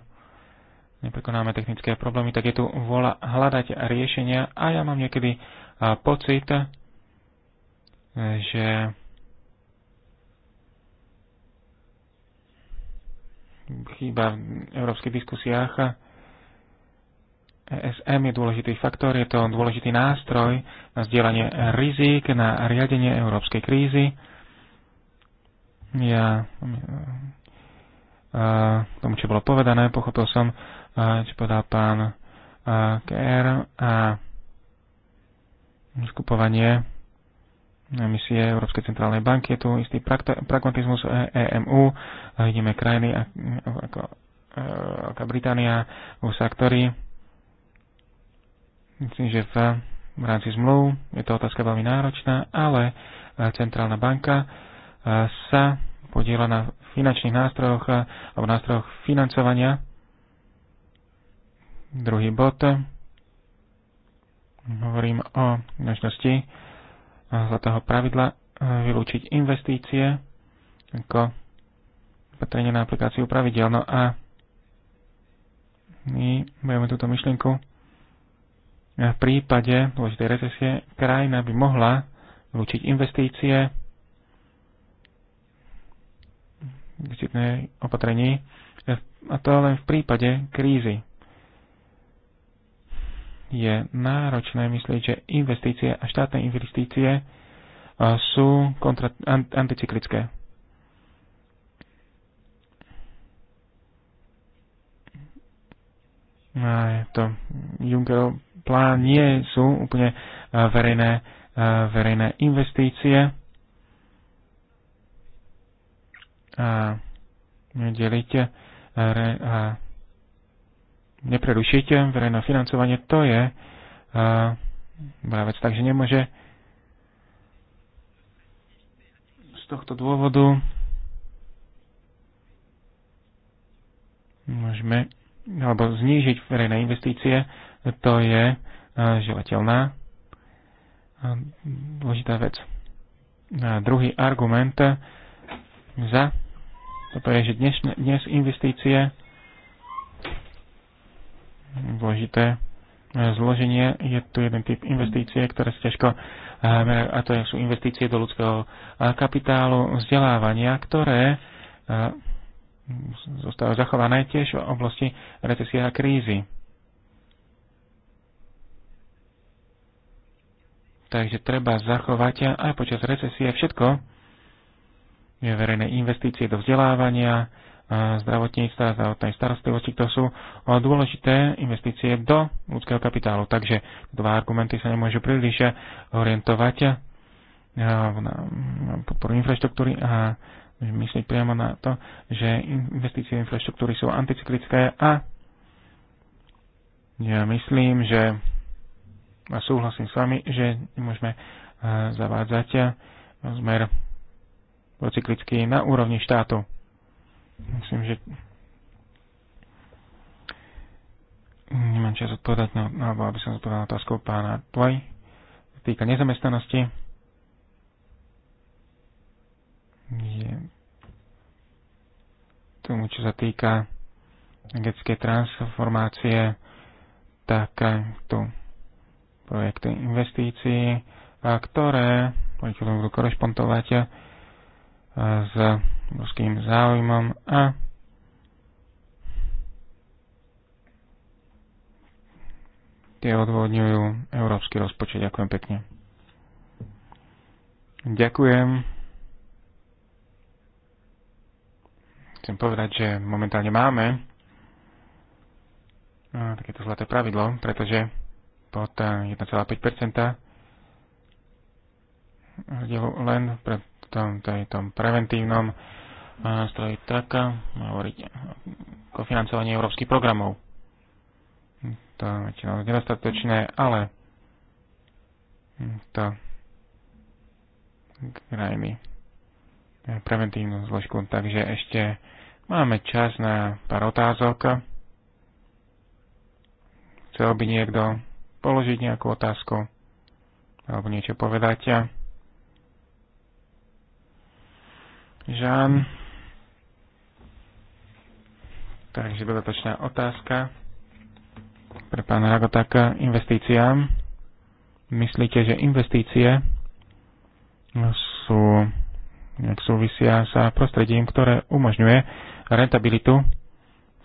neprekonáme technické problémy, tak je tu vola hľadať riešenia a ja mám niekedy eh, pocit, eh, že chýba v európskych diskusiách. ESM je dôležitý faktor, je to dôležitý nástroj na zdieľanie rizik, na riadenie európskej krízy. Ja k e, e, tomu, čo bolo povedané, pochopil som, e, čo povedal pán Kerr a skupovanie misie Európskej centrálnej banky. Je tu istý pragmatizmus EMU. E Vidíme krajiny ako e, Veľká Británia, USA, ktorí myslím, že v, v rámci zmluv je to otázka veľmi náročná, ale e, centrálna banka sa podiela na finančných nástrojoch alebo nástrojoch financovania. Druhý bod. Hovorím o množnosti zlatého pravidla e, vylúčiť investície ako opatrenie na aplikáciu pravidel. No a my budeme túto myšlienku v prípade dôležitej recesie krajina by mohla vylúčiť investície v opatrení a to len v prípade krízy je náročné myslieť, že investície a štátne investície sú kontra, anticyklické. A to Junckerov plán nie sú úplne verejné, verejné investície. A deliť a neprerušiť verejné financovanie, to je uh, vec. Takže nemôže z tohto dôvodu môžeme alebo znížiť verejné investície, to je želateľná dôležitá vec. A druhý argument za toto je, že dnes, dnes investície dôležité zloženie. Je tu jeden typ investície, ktoré sa ťažko eh, a to sú investície do ľudského eh, kapitálu, vzdelávania, ktoré eh, zostávajú zachované tiež v oblasti recesie a krízy. Takže treba zachovať aj počas recesie všetko, verejné investície do vzdelávania, zdravotníctva, zdravotnej starostlivosti, to sú eh, dôležité investície do ľudského kapitálu. Takže dva argumenty sa nemôžu príliš eh, orientovať eh, na podporu infraštruktúry a myslieť priamo na to, že investície infraštruktúry sú anticyklické a ja myslím, že a súhlasím s vami, že môžeme zavádzať rozmer cyklicky na úrovni štátu. Myslím, že nemám čas odpovedať, no, alebo aby som odpovedal na otázku pána Tvoj. Týka nezamestnanosti. Je tomu, čo sa týka energetické transformácie, tak tu projekty investícií, ktoré budú korešpontovať s ruským záujmom a tie odvodňujú európsky rozpočet. Ďakujem pekne. Ďakujem. Chcem povedať, že momentálne máme takéto zlaté pravidlo, pretože pod 1,5% eh, len pre tom, tom preventívnom nástroji e, tak e, hovoriť o financovaní európskych programov. To je nedostatočné, ale to krajiny preventívnu zložku. Takže ešte máme čas na pár otázok. Chcel by niekto položiť nejakú otázku alebo niečo povedať. Žán. Takže dodatočná otázka pre pána Ragotáka. investíciám. Myslíte, že investície sú, nejak súvisia sa prostredím, ktoré umožňuje rentabilitu,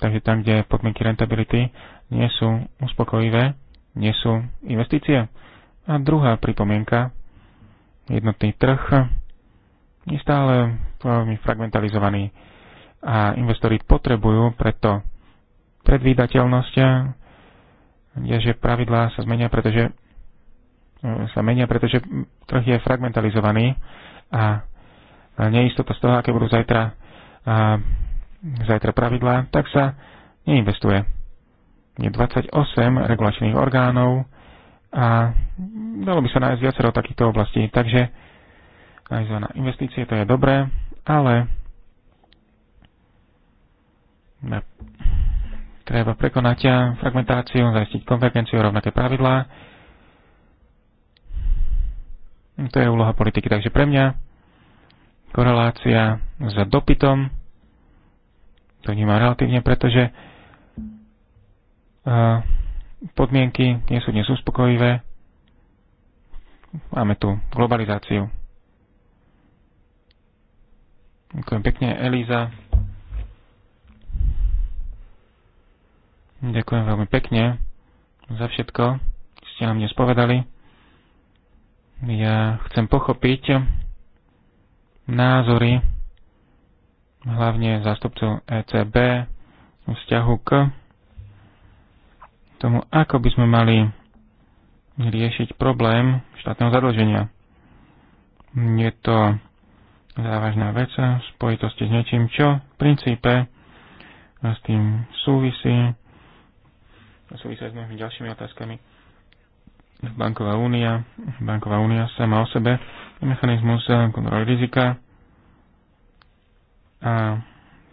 takže tam, kde podmienky rentability nie sú uspokojivé, nie sú investície. A druhá pripomienka, jednotný trh je stále veľmi fragmentalizovaný a investori potrebujú preto predvídateľnosť, že pravidlá sa zmenia, pretože eh, sa menia, pretože trh je fragmentalizovaný a neistota z toho, aké budú zajtra, a, zajtra pravidlá, tak sa neinvestuje. Je 28 regulačných orgánov a dalo by sa nájsť viacero takýchto oblastí. Takže realizovaná investície, to je dobré, ale treba prekonať fragmentáciu, zajistiť konvergenciu, rovnaké pravidlá. To je úloha politiky. Takže pre mňa korelácia s dopytom, to vnímam relatívne, pretože e, podmienky nie sú dnes uspokojivé. Máme tu globalizáciu. Ďakujem pekne, Eliza. Ďakujem veľmi pekne za všetko, čo ste nám dnes povedali. Ja chcem pochopiť názory hlavne zástupcov ECB v vzťahu k tomu, ako by sme mali riešiť problém štátneho zadlženia. Je to závažná vec v spojitosti s niečím, čo v princípe s tým súvisí, súvisí s mnohými ďalšími otázkami. Banková únia, banková únia sama o sebe mechanizmus kontroly rizika a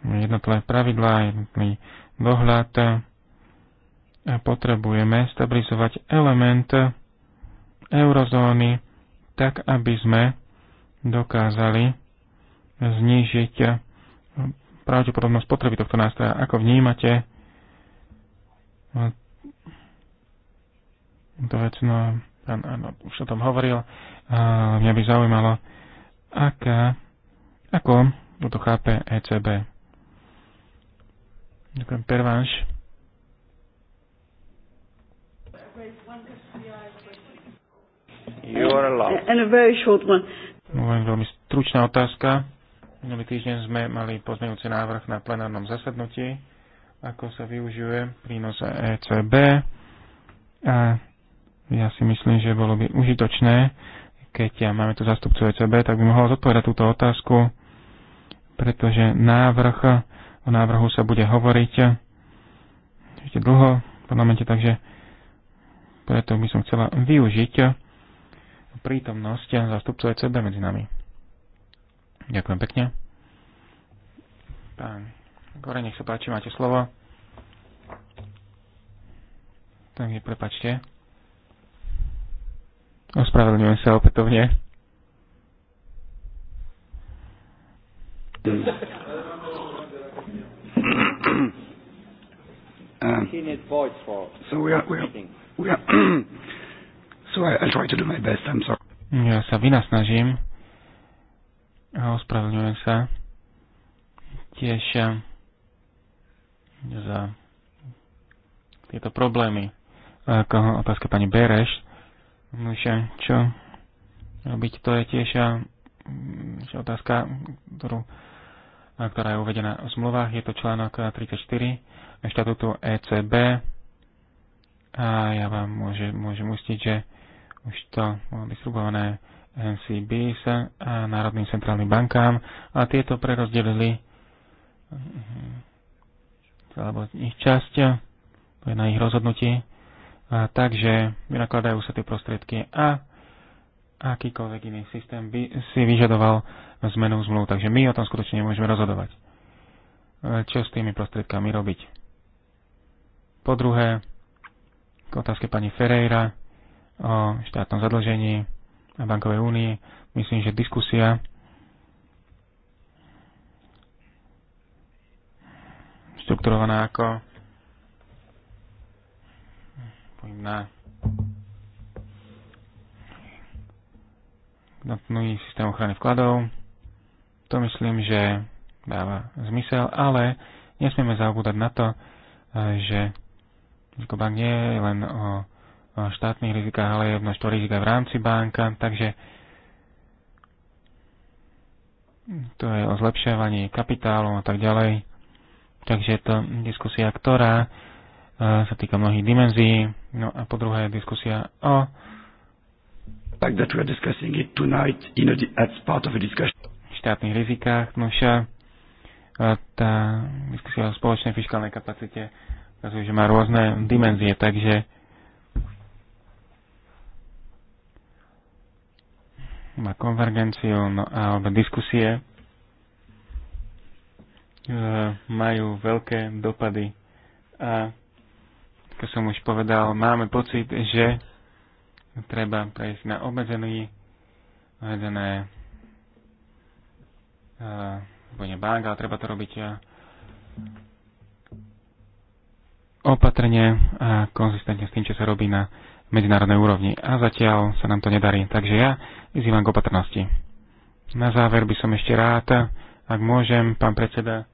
jednotlivé pravidlá, jednotný dohľad a potrebujeme stabilizovať element eurozóny tak, aby sme dokázali znižiť eh, pravdepodobnosť potreby tohto nástroja. Ako vnímate eh, to vec, no, pán Arnold už o tom hovoril, ale eh, mňa by zaujímalo, aká, ako to chápe ECB. Ďakujem, perváš. You are a very short one. veľmi stručná otázka. Minulý týždeň sme mali pozmeňujúci návrh na plenárnom zasadnutí, ako sa využije prínos ECB a ja si myslím, že bolo by užitočné, keď ja máme tu zastupcu ECB, tak by mohol zodpovedať túto otázku, pretože návrh, o návrhu sa bude hovoriť ešte dlho v parlamente, takže preto by som chcela využiť prítomnosť zastupcu ECB medzi nami. Ďakujem pekne. Pán Gore, nech sa páči, máte slovo. Tak mi prepačte. Ospravedlňujem sa opätovne. Ja sa vynasnažím a ospravedlňujem sa tiež eh, za tieto problémy. Ako otázka pani Bereš, eh, čo robiť, to je tiež eh, otázka, ktorú, ktorá je uvedená v zmluvách. Je to článok 34 štatútu ECB a ja vám môžem, môžem ustiť, že už to bolo distribuované NCBs a Národným centrálnym bankám a tieto prerozdelili mhm, alebo ich časť, to je na ich rozhodnutie, a takže vynakladajú sa tie prostriedky a akýkoľvek iný systém by si vyžadoval zmenu zmluv. Takže my o tom skutočne nemôžeme rozhodovať. E, čo s tými prostriedkami robiť? Po druhé, k otázke pani Ferreira o štátnom zadlžení na bankovej únii. Myslím, že diskusia strukturovaná ako na nový systém ochrany vkladov. To myslím, že dáva zmysel, ale nesmieme zaobúdať na to, eh, že Bank nie je len o štátnych rizikách, ale je množstvo rizika v rámci banka, takže to je o zlepšovaní kapitálu a tak ďalej. Takže je to diskusia, ktorá e, sa týka mnohých dimenzí. No a po druhé je diskusia o fact that we are discussing it tonight in a, as part of a discussion. štátnych rizikách, no však e, tá diskusia o spoločnej fiskálnej kapacite ukazuje, že má rôzne dimenzie, takže má konvergenciu no, alebo diskusie e, majú veľké dopady. A ako som už povedal, máme pocit, že treba prejsť na obmedzený, obmedzené bude bank, ale treba to robiť e, opatrne a konzistentne s tým, čo sa robí na medzinárodnej úrovni. A zatiaľ sa nám to nedarí. Takže ja vyzývam k opatrnosti. Na záver by som ešte rád, ak môžem, pán predseda.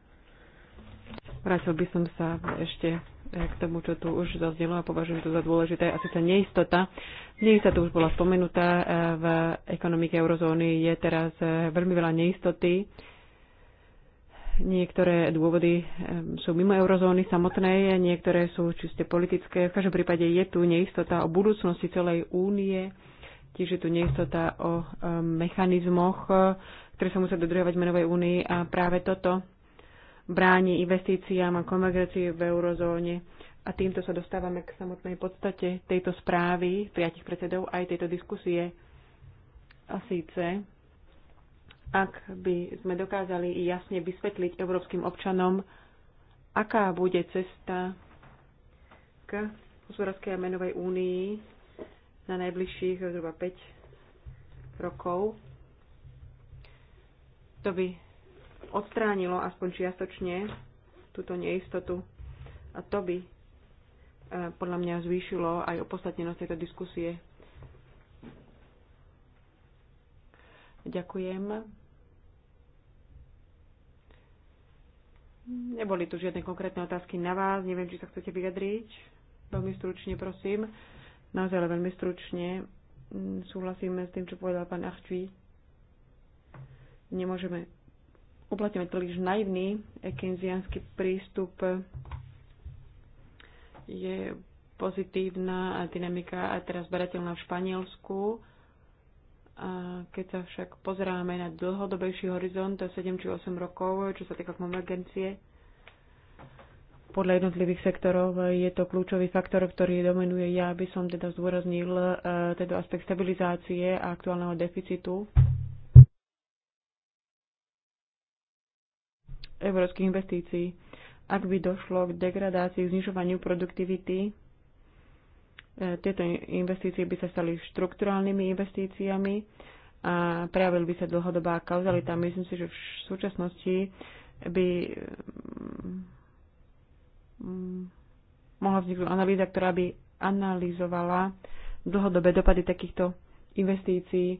Vrátil by som sa ešte eh, k tomu, čo tu už zaznelo a považujem to za dôležité, a síce neistota. Neistota tu už bola spomenutá eh, v ekonomike eurozóny, je teraz eh, veľmi veľa neistoty Niektoré dôvody sú mimo eurozóny samotnej, niektoré sú čiste politické. V každom prípade je tu neistota o budúcnosti celej únie, tiež je tu neistota o mechanizmoch, e, ktoré sa musia dodržiavať v menovej únii a práve toto bráni investíciám a konvergencii v eurozóne. A týmto sa dostávame k samotnej podstate tejto správy priatich predsedov aj tejto diskusie. A síce ak by sme dokázali jasne vysvetliť európskym občanom, aká bude cesta k hospodárskej a menovej únii na najbližších zhruba 5 rokov. To by odstránilo aspoň čiastočne túto neistotu a to by e, podľa mňa zvýšilo aj opodstatnenosť tejto diskusie. Ďakujem. Neboli tu žiadne konkrétne otázky na vás. Neviem, či sa chcete vyjadriť. Veľmi stručne, prosím. Naozaj ale veľmi stručne. Mm, súhlasíme s tým, čo povedal pán Achčí. Nemôžeme uplatňovať príliš naivný ekenziánsky prístup. Je pozitívna dynamika a teraz berateľná v Španielsku a keď sa však pozeráme na dlhodobejší horizont, 7 či 8 rokov, čo sa týka konvergencie, podľa jednotlivých sektorov je to kľúčový faktor, ktorý dominuje. Ja by som teda zdôraznil teda aspekt stabilizácie a aktuálneho deficitu európskych investícií. Ak by došlo k degradácii, k znižovaniu produktivity, tieto investície by sa stali štrukturálnymi investíciami a prejavil by sa dlhodobá kauzalita. Myslím si, že v súčasnosti by mm, mohla vzniknúť analýza, ktorá by analyzovala dlhodobé dopady takýchto investícií. E,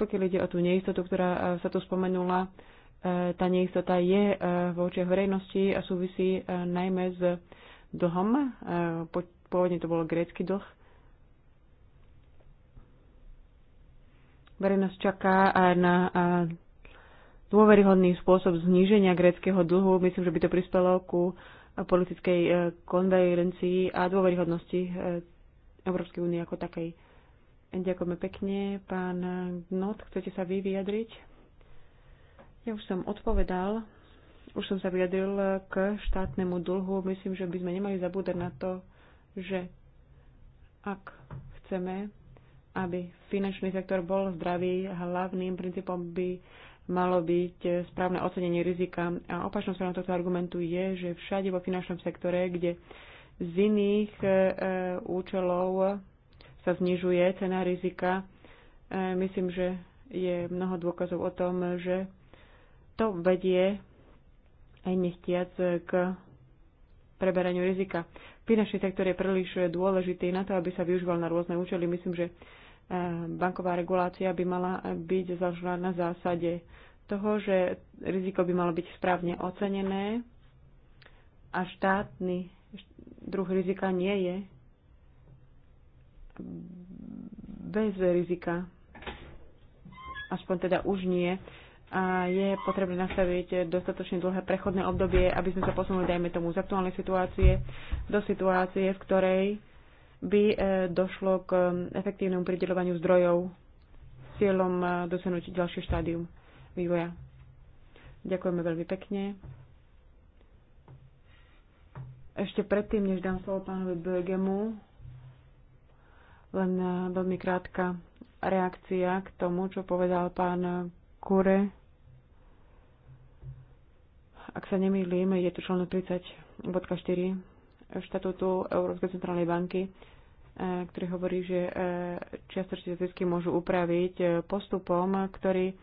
pokiaľ ide o tú neistotu, ktorá e, sa tu spomenula, e, tá neistota je v očiach verejnosti a súvisí najmä s dlhom. E, pôvodne to bol grécky dlh. Verejnosť čaká na e, dôveryhodný spôsob zníženia gréckého dlhu. Myslím, že by to prispelo ku politickej e, konvergencii a dôveryhodnosti Európskej únie ako takej. Ďakujeme pekne. Pán Gnot, chcete sa vy vyjadriť? Ja už som odpovedal už som sa vyjadril k štátnemu dlhu. Myslím, že by sme nemali zabúdať na to, že ak chceme, aby finančný sektor bol zdravý, hlavným princípom by malo byť správne ocenenie rizika. A opačnou stranou tohto argumentu je, že všade vo finančnom sektore, kde z iných e, e účelov sa znižuje cena rizika, e, myslím, že je mnoho dôkazov o tom, že to vedie aj nechtiac k preberaniu rizika. Finančný sektor je príliš dôležitý na to, aby sa využíval na rôzne účely. Myslím, že eh, banková regulácia by mala byť založená na zásade toho, že riziko by malo byť správne ocenené a štátny druh rizika nie je bez rizika. Aspoň teda už nie a je potrebné nastaviť dostatočne dlhé prechodné obdobie, aby sme sa posunuli, dajme tomu, z aktuálnej situácie do situácie, v ktorej by e, došlo k efektívnemu prideľovaniu zdrojov s cieľom e, dosiahnuť ďalšie štádium vývoja. Ďakujeme veľmi pekne. Ešte predtým, než dám slovo pánovi Bögemu, len e, veľmi krátka reakcia k tomu, čo povedal pán Kure ak sa nemýlim, je tu článok 30.4 štatútu Európskej centrálnej banky, e, ktorý hovorí, že e, čiastočné zisky môžu upraviť e, postupom, ktorý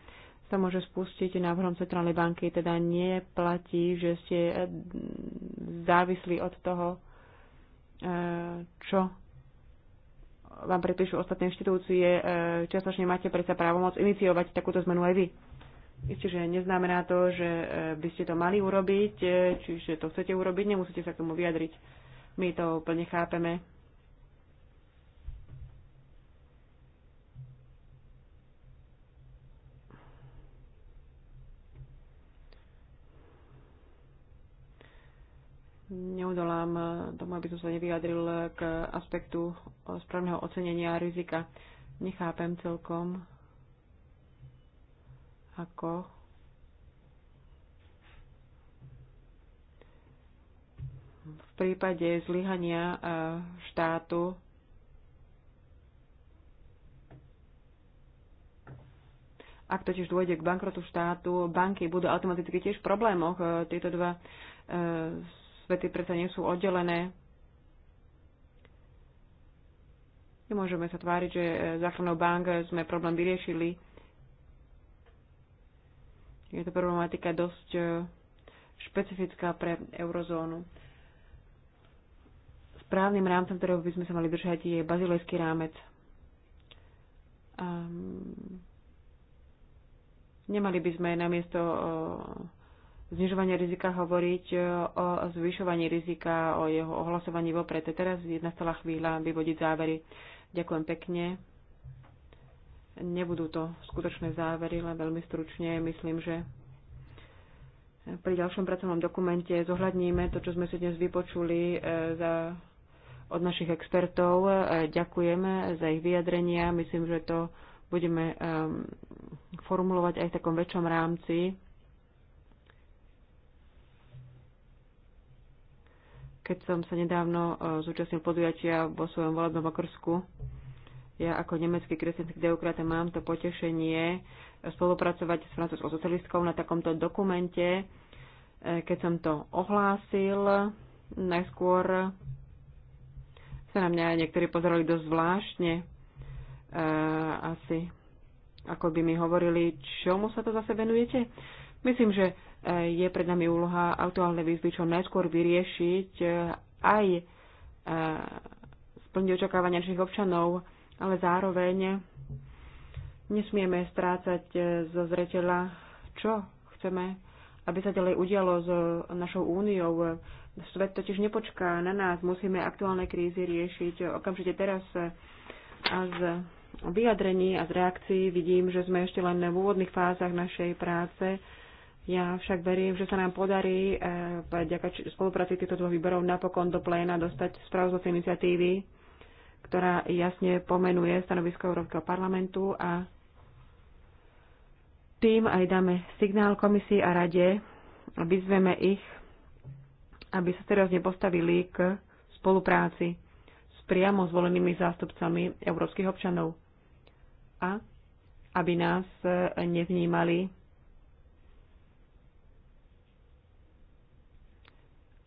sa môže spustiť návrhom centrálnej banky, teda neplatí, že ste závislí od toho, čo vám predpíšu ostatné inštitúcie. Čiastočne máte predsa právomoc iniciovať takúto zmenu aj vy. Isté, že neznamená to, že e, by ste to mali urobiť, e, čiže to chcete urobiť, nemusíte sa k tomu vyjadriť. My to úplne chápeme. Neudolám tomu, aby som sa nevyjadril k aspektu správneho ocenenia rizika. Nechápem celkom ako v prípade zlyhania e, štátu ak totiž dôjde k bankrotu štátu, banky budú automaticky tiež v problémoch. E, tieto dva e, svety preto nie sú oddelené. Nemôžeme sa tváriť, že záchranou bank sme problém vyriešili je to problematika dosť e, špecifická pre eurozónu. Správnym rámcom, ktorého by sme sa mali držať, je bazilejský rámec. Um, nemali by sme namiesto o e, znižovaní rizika hovoriť e, o zvyšovaní rizika, o jeho ohlasovaní vopred. Teraz je nastala chvíľa vyvodiť závery. Ďakujem pekne. Nebudú to skutočné závery, len veľmi stručne. Myslím, že pri ďalšom pracovnom dokumente zohľadníme to, čo sme si dnes vypočuli e, za, od našich expertov. E, Ďakujeme za ich vyjadrenia. Myslím, že to budeme um, formulovať aj v takom väčšom rámci. Keď som sa nedávno uh, zúčastnil podujatia vo svojom volebnom okrsku, ja ako nemecký kresťanský demokrat mám to potešenie spolupracovať s francúzskou socialistkou na takomto dokumente. E, keď som to ohlásil, najskôr sa na mňa niektorí pozerali dosť zvláštne. E, asi ako by mi hovorili, čomu sa to zase venujete. Myslím, že e, je pred nami úloha aktuálne výzvy čo najskôr vyriešiť aj splniť očakávania našich občanov ale zároveň nesmieme strácať eh, zo zreteľa, čo chceme, aby sa ďalej udialo s eh, našou úniou. Svet totiž nepočká na nás. Musíme aktuálne krízy riešiť okamžite teraz. A z vyjadrení a z reakcií vidím, že sme ešte len v úvodných fázach našej práce. Ja však verím, že sa nám podarí eh, vďaka spolupráci týchto dvoch výberov napokon do pléna dostať správu z iniciatívy ktorá jasne pomenuje stanovisko Európskeho parlamentu a tým aj dáme signál komisii a rade, a vyzveme ich, aby sa seriózne postavili k spolupráci s priamo zvolenými zástupcami európskych občanov a aby nás nevnímali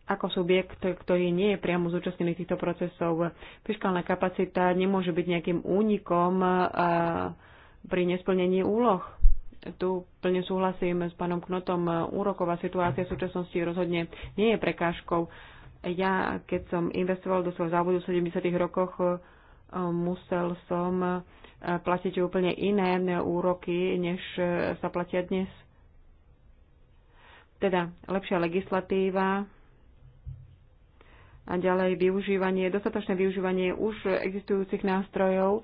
ako subjekt, ktorý nie je priamo zúčastnený týchto procesov. Fiskálna kapacita nemôže byť nejakým únikom pri nesplnení úloh. Tu plne súhlasím s pánom Knotom. Úroková situácia v súčasnosti rozhodne nie je prekážkou. Ja, keď som investoval do svojho závodu v 70. rokoch, musel som platiť úplne iné úroky, než sa platia dnes. Teda lepšia legislatíva, a ďalej využívanie, dostatočné využívanie už existujúcich nástrojov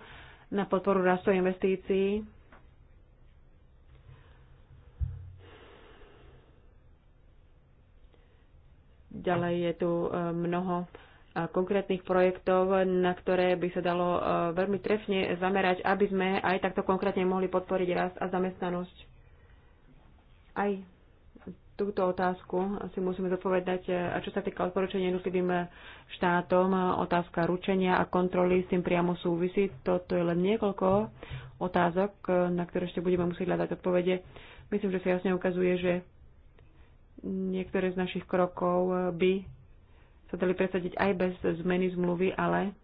na podporu rastu investícií. Ďalej je tu e, mnoho e, konkrétnych projektov, na ktoré by sa dalo e, veľmi trefne zamerať, aby sme aj takto konkrétne mohli podporiť rast a zamestnanosť. Aj túto otázku si musíme zodpovedať. A eh, čo sa týka odporúčania jednotlivým eh, štátom, eh, otázka ručenia a kontroly s tým priamo súvisí. Toto je len niekoľko otázok, na ktoré ešte budeme musieť hľadať odpovede. Myslím, že sa jasne ukazuje, že niektoré z našich krokov by sa dali presadiť aj bez zmeny zmluvy, ale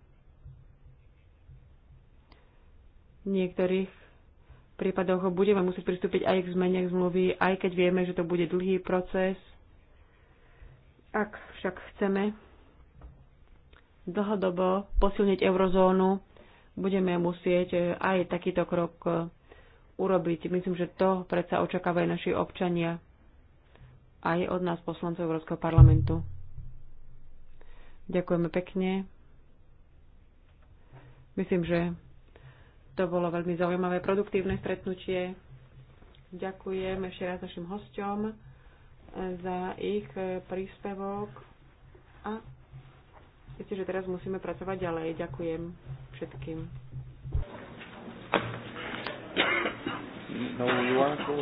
niektorých prípadoch budeme musieť pristúpiť aj k zmene zmluvy, aj keď vieme, že to bude dlhý proces. Ak však chceme dlhodobo posilniť eurozónu, budeme musieť aj takýto krok urobiť. Myslím, že to predsa očakávajú naši občania aj od nás poslancov Európskeho parlamentu. Ďakujeme pekne. Myslím, že to bolo veľmi zaujímavé, produktívne stretnutie. Ďakujem ešte raz našim hosťom eh, za ich eh, príspevok a Viete, že teraz musíme pracovať ďalej. Ďakujem všetkým. No, you cool.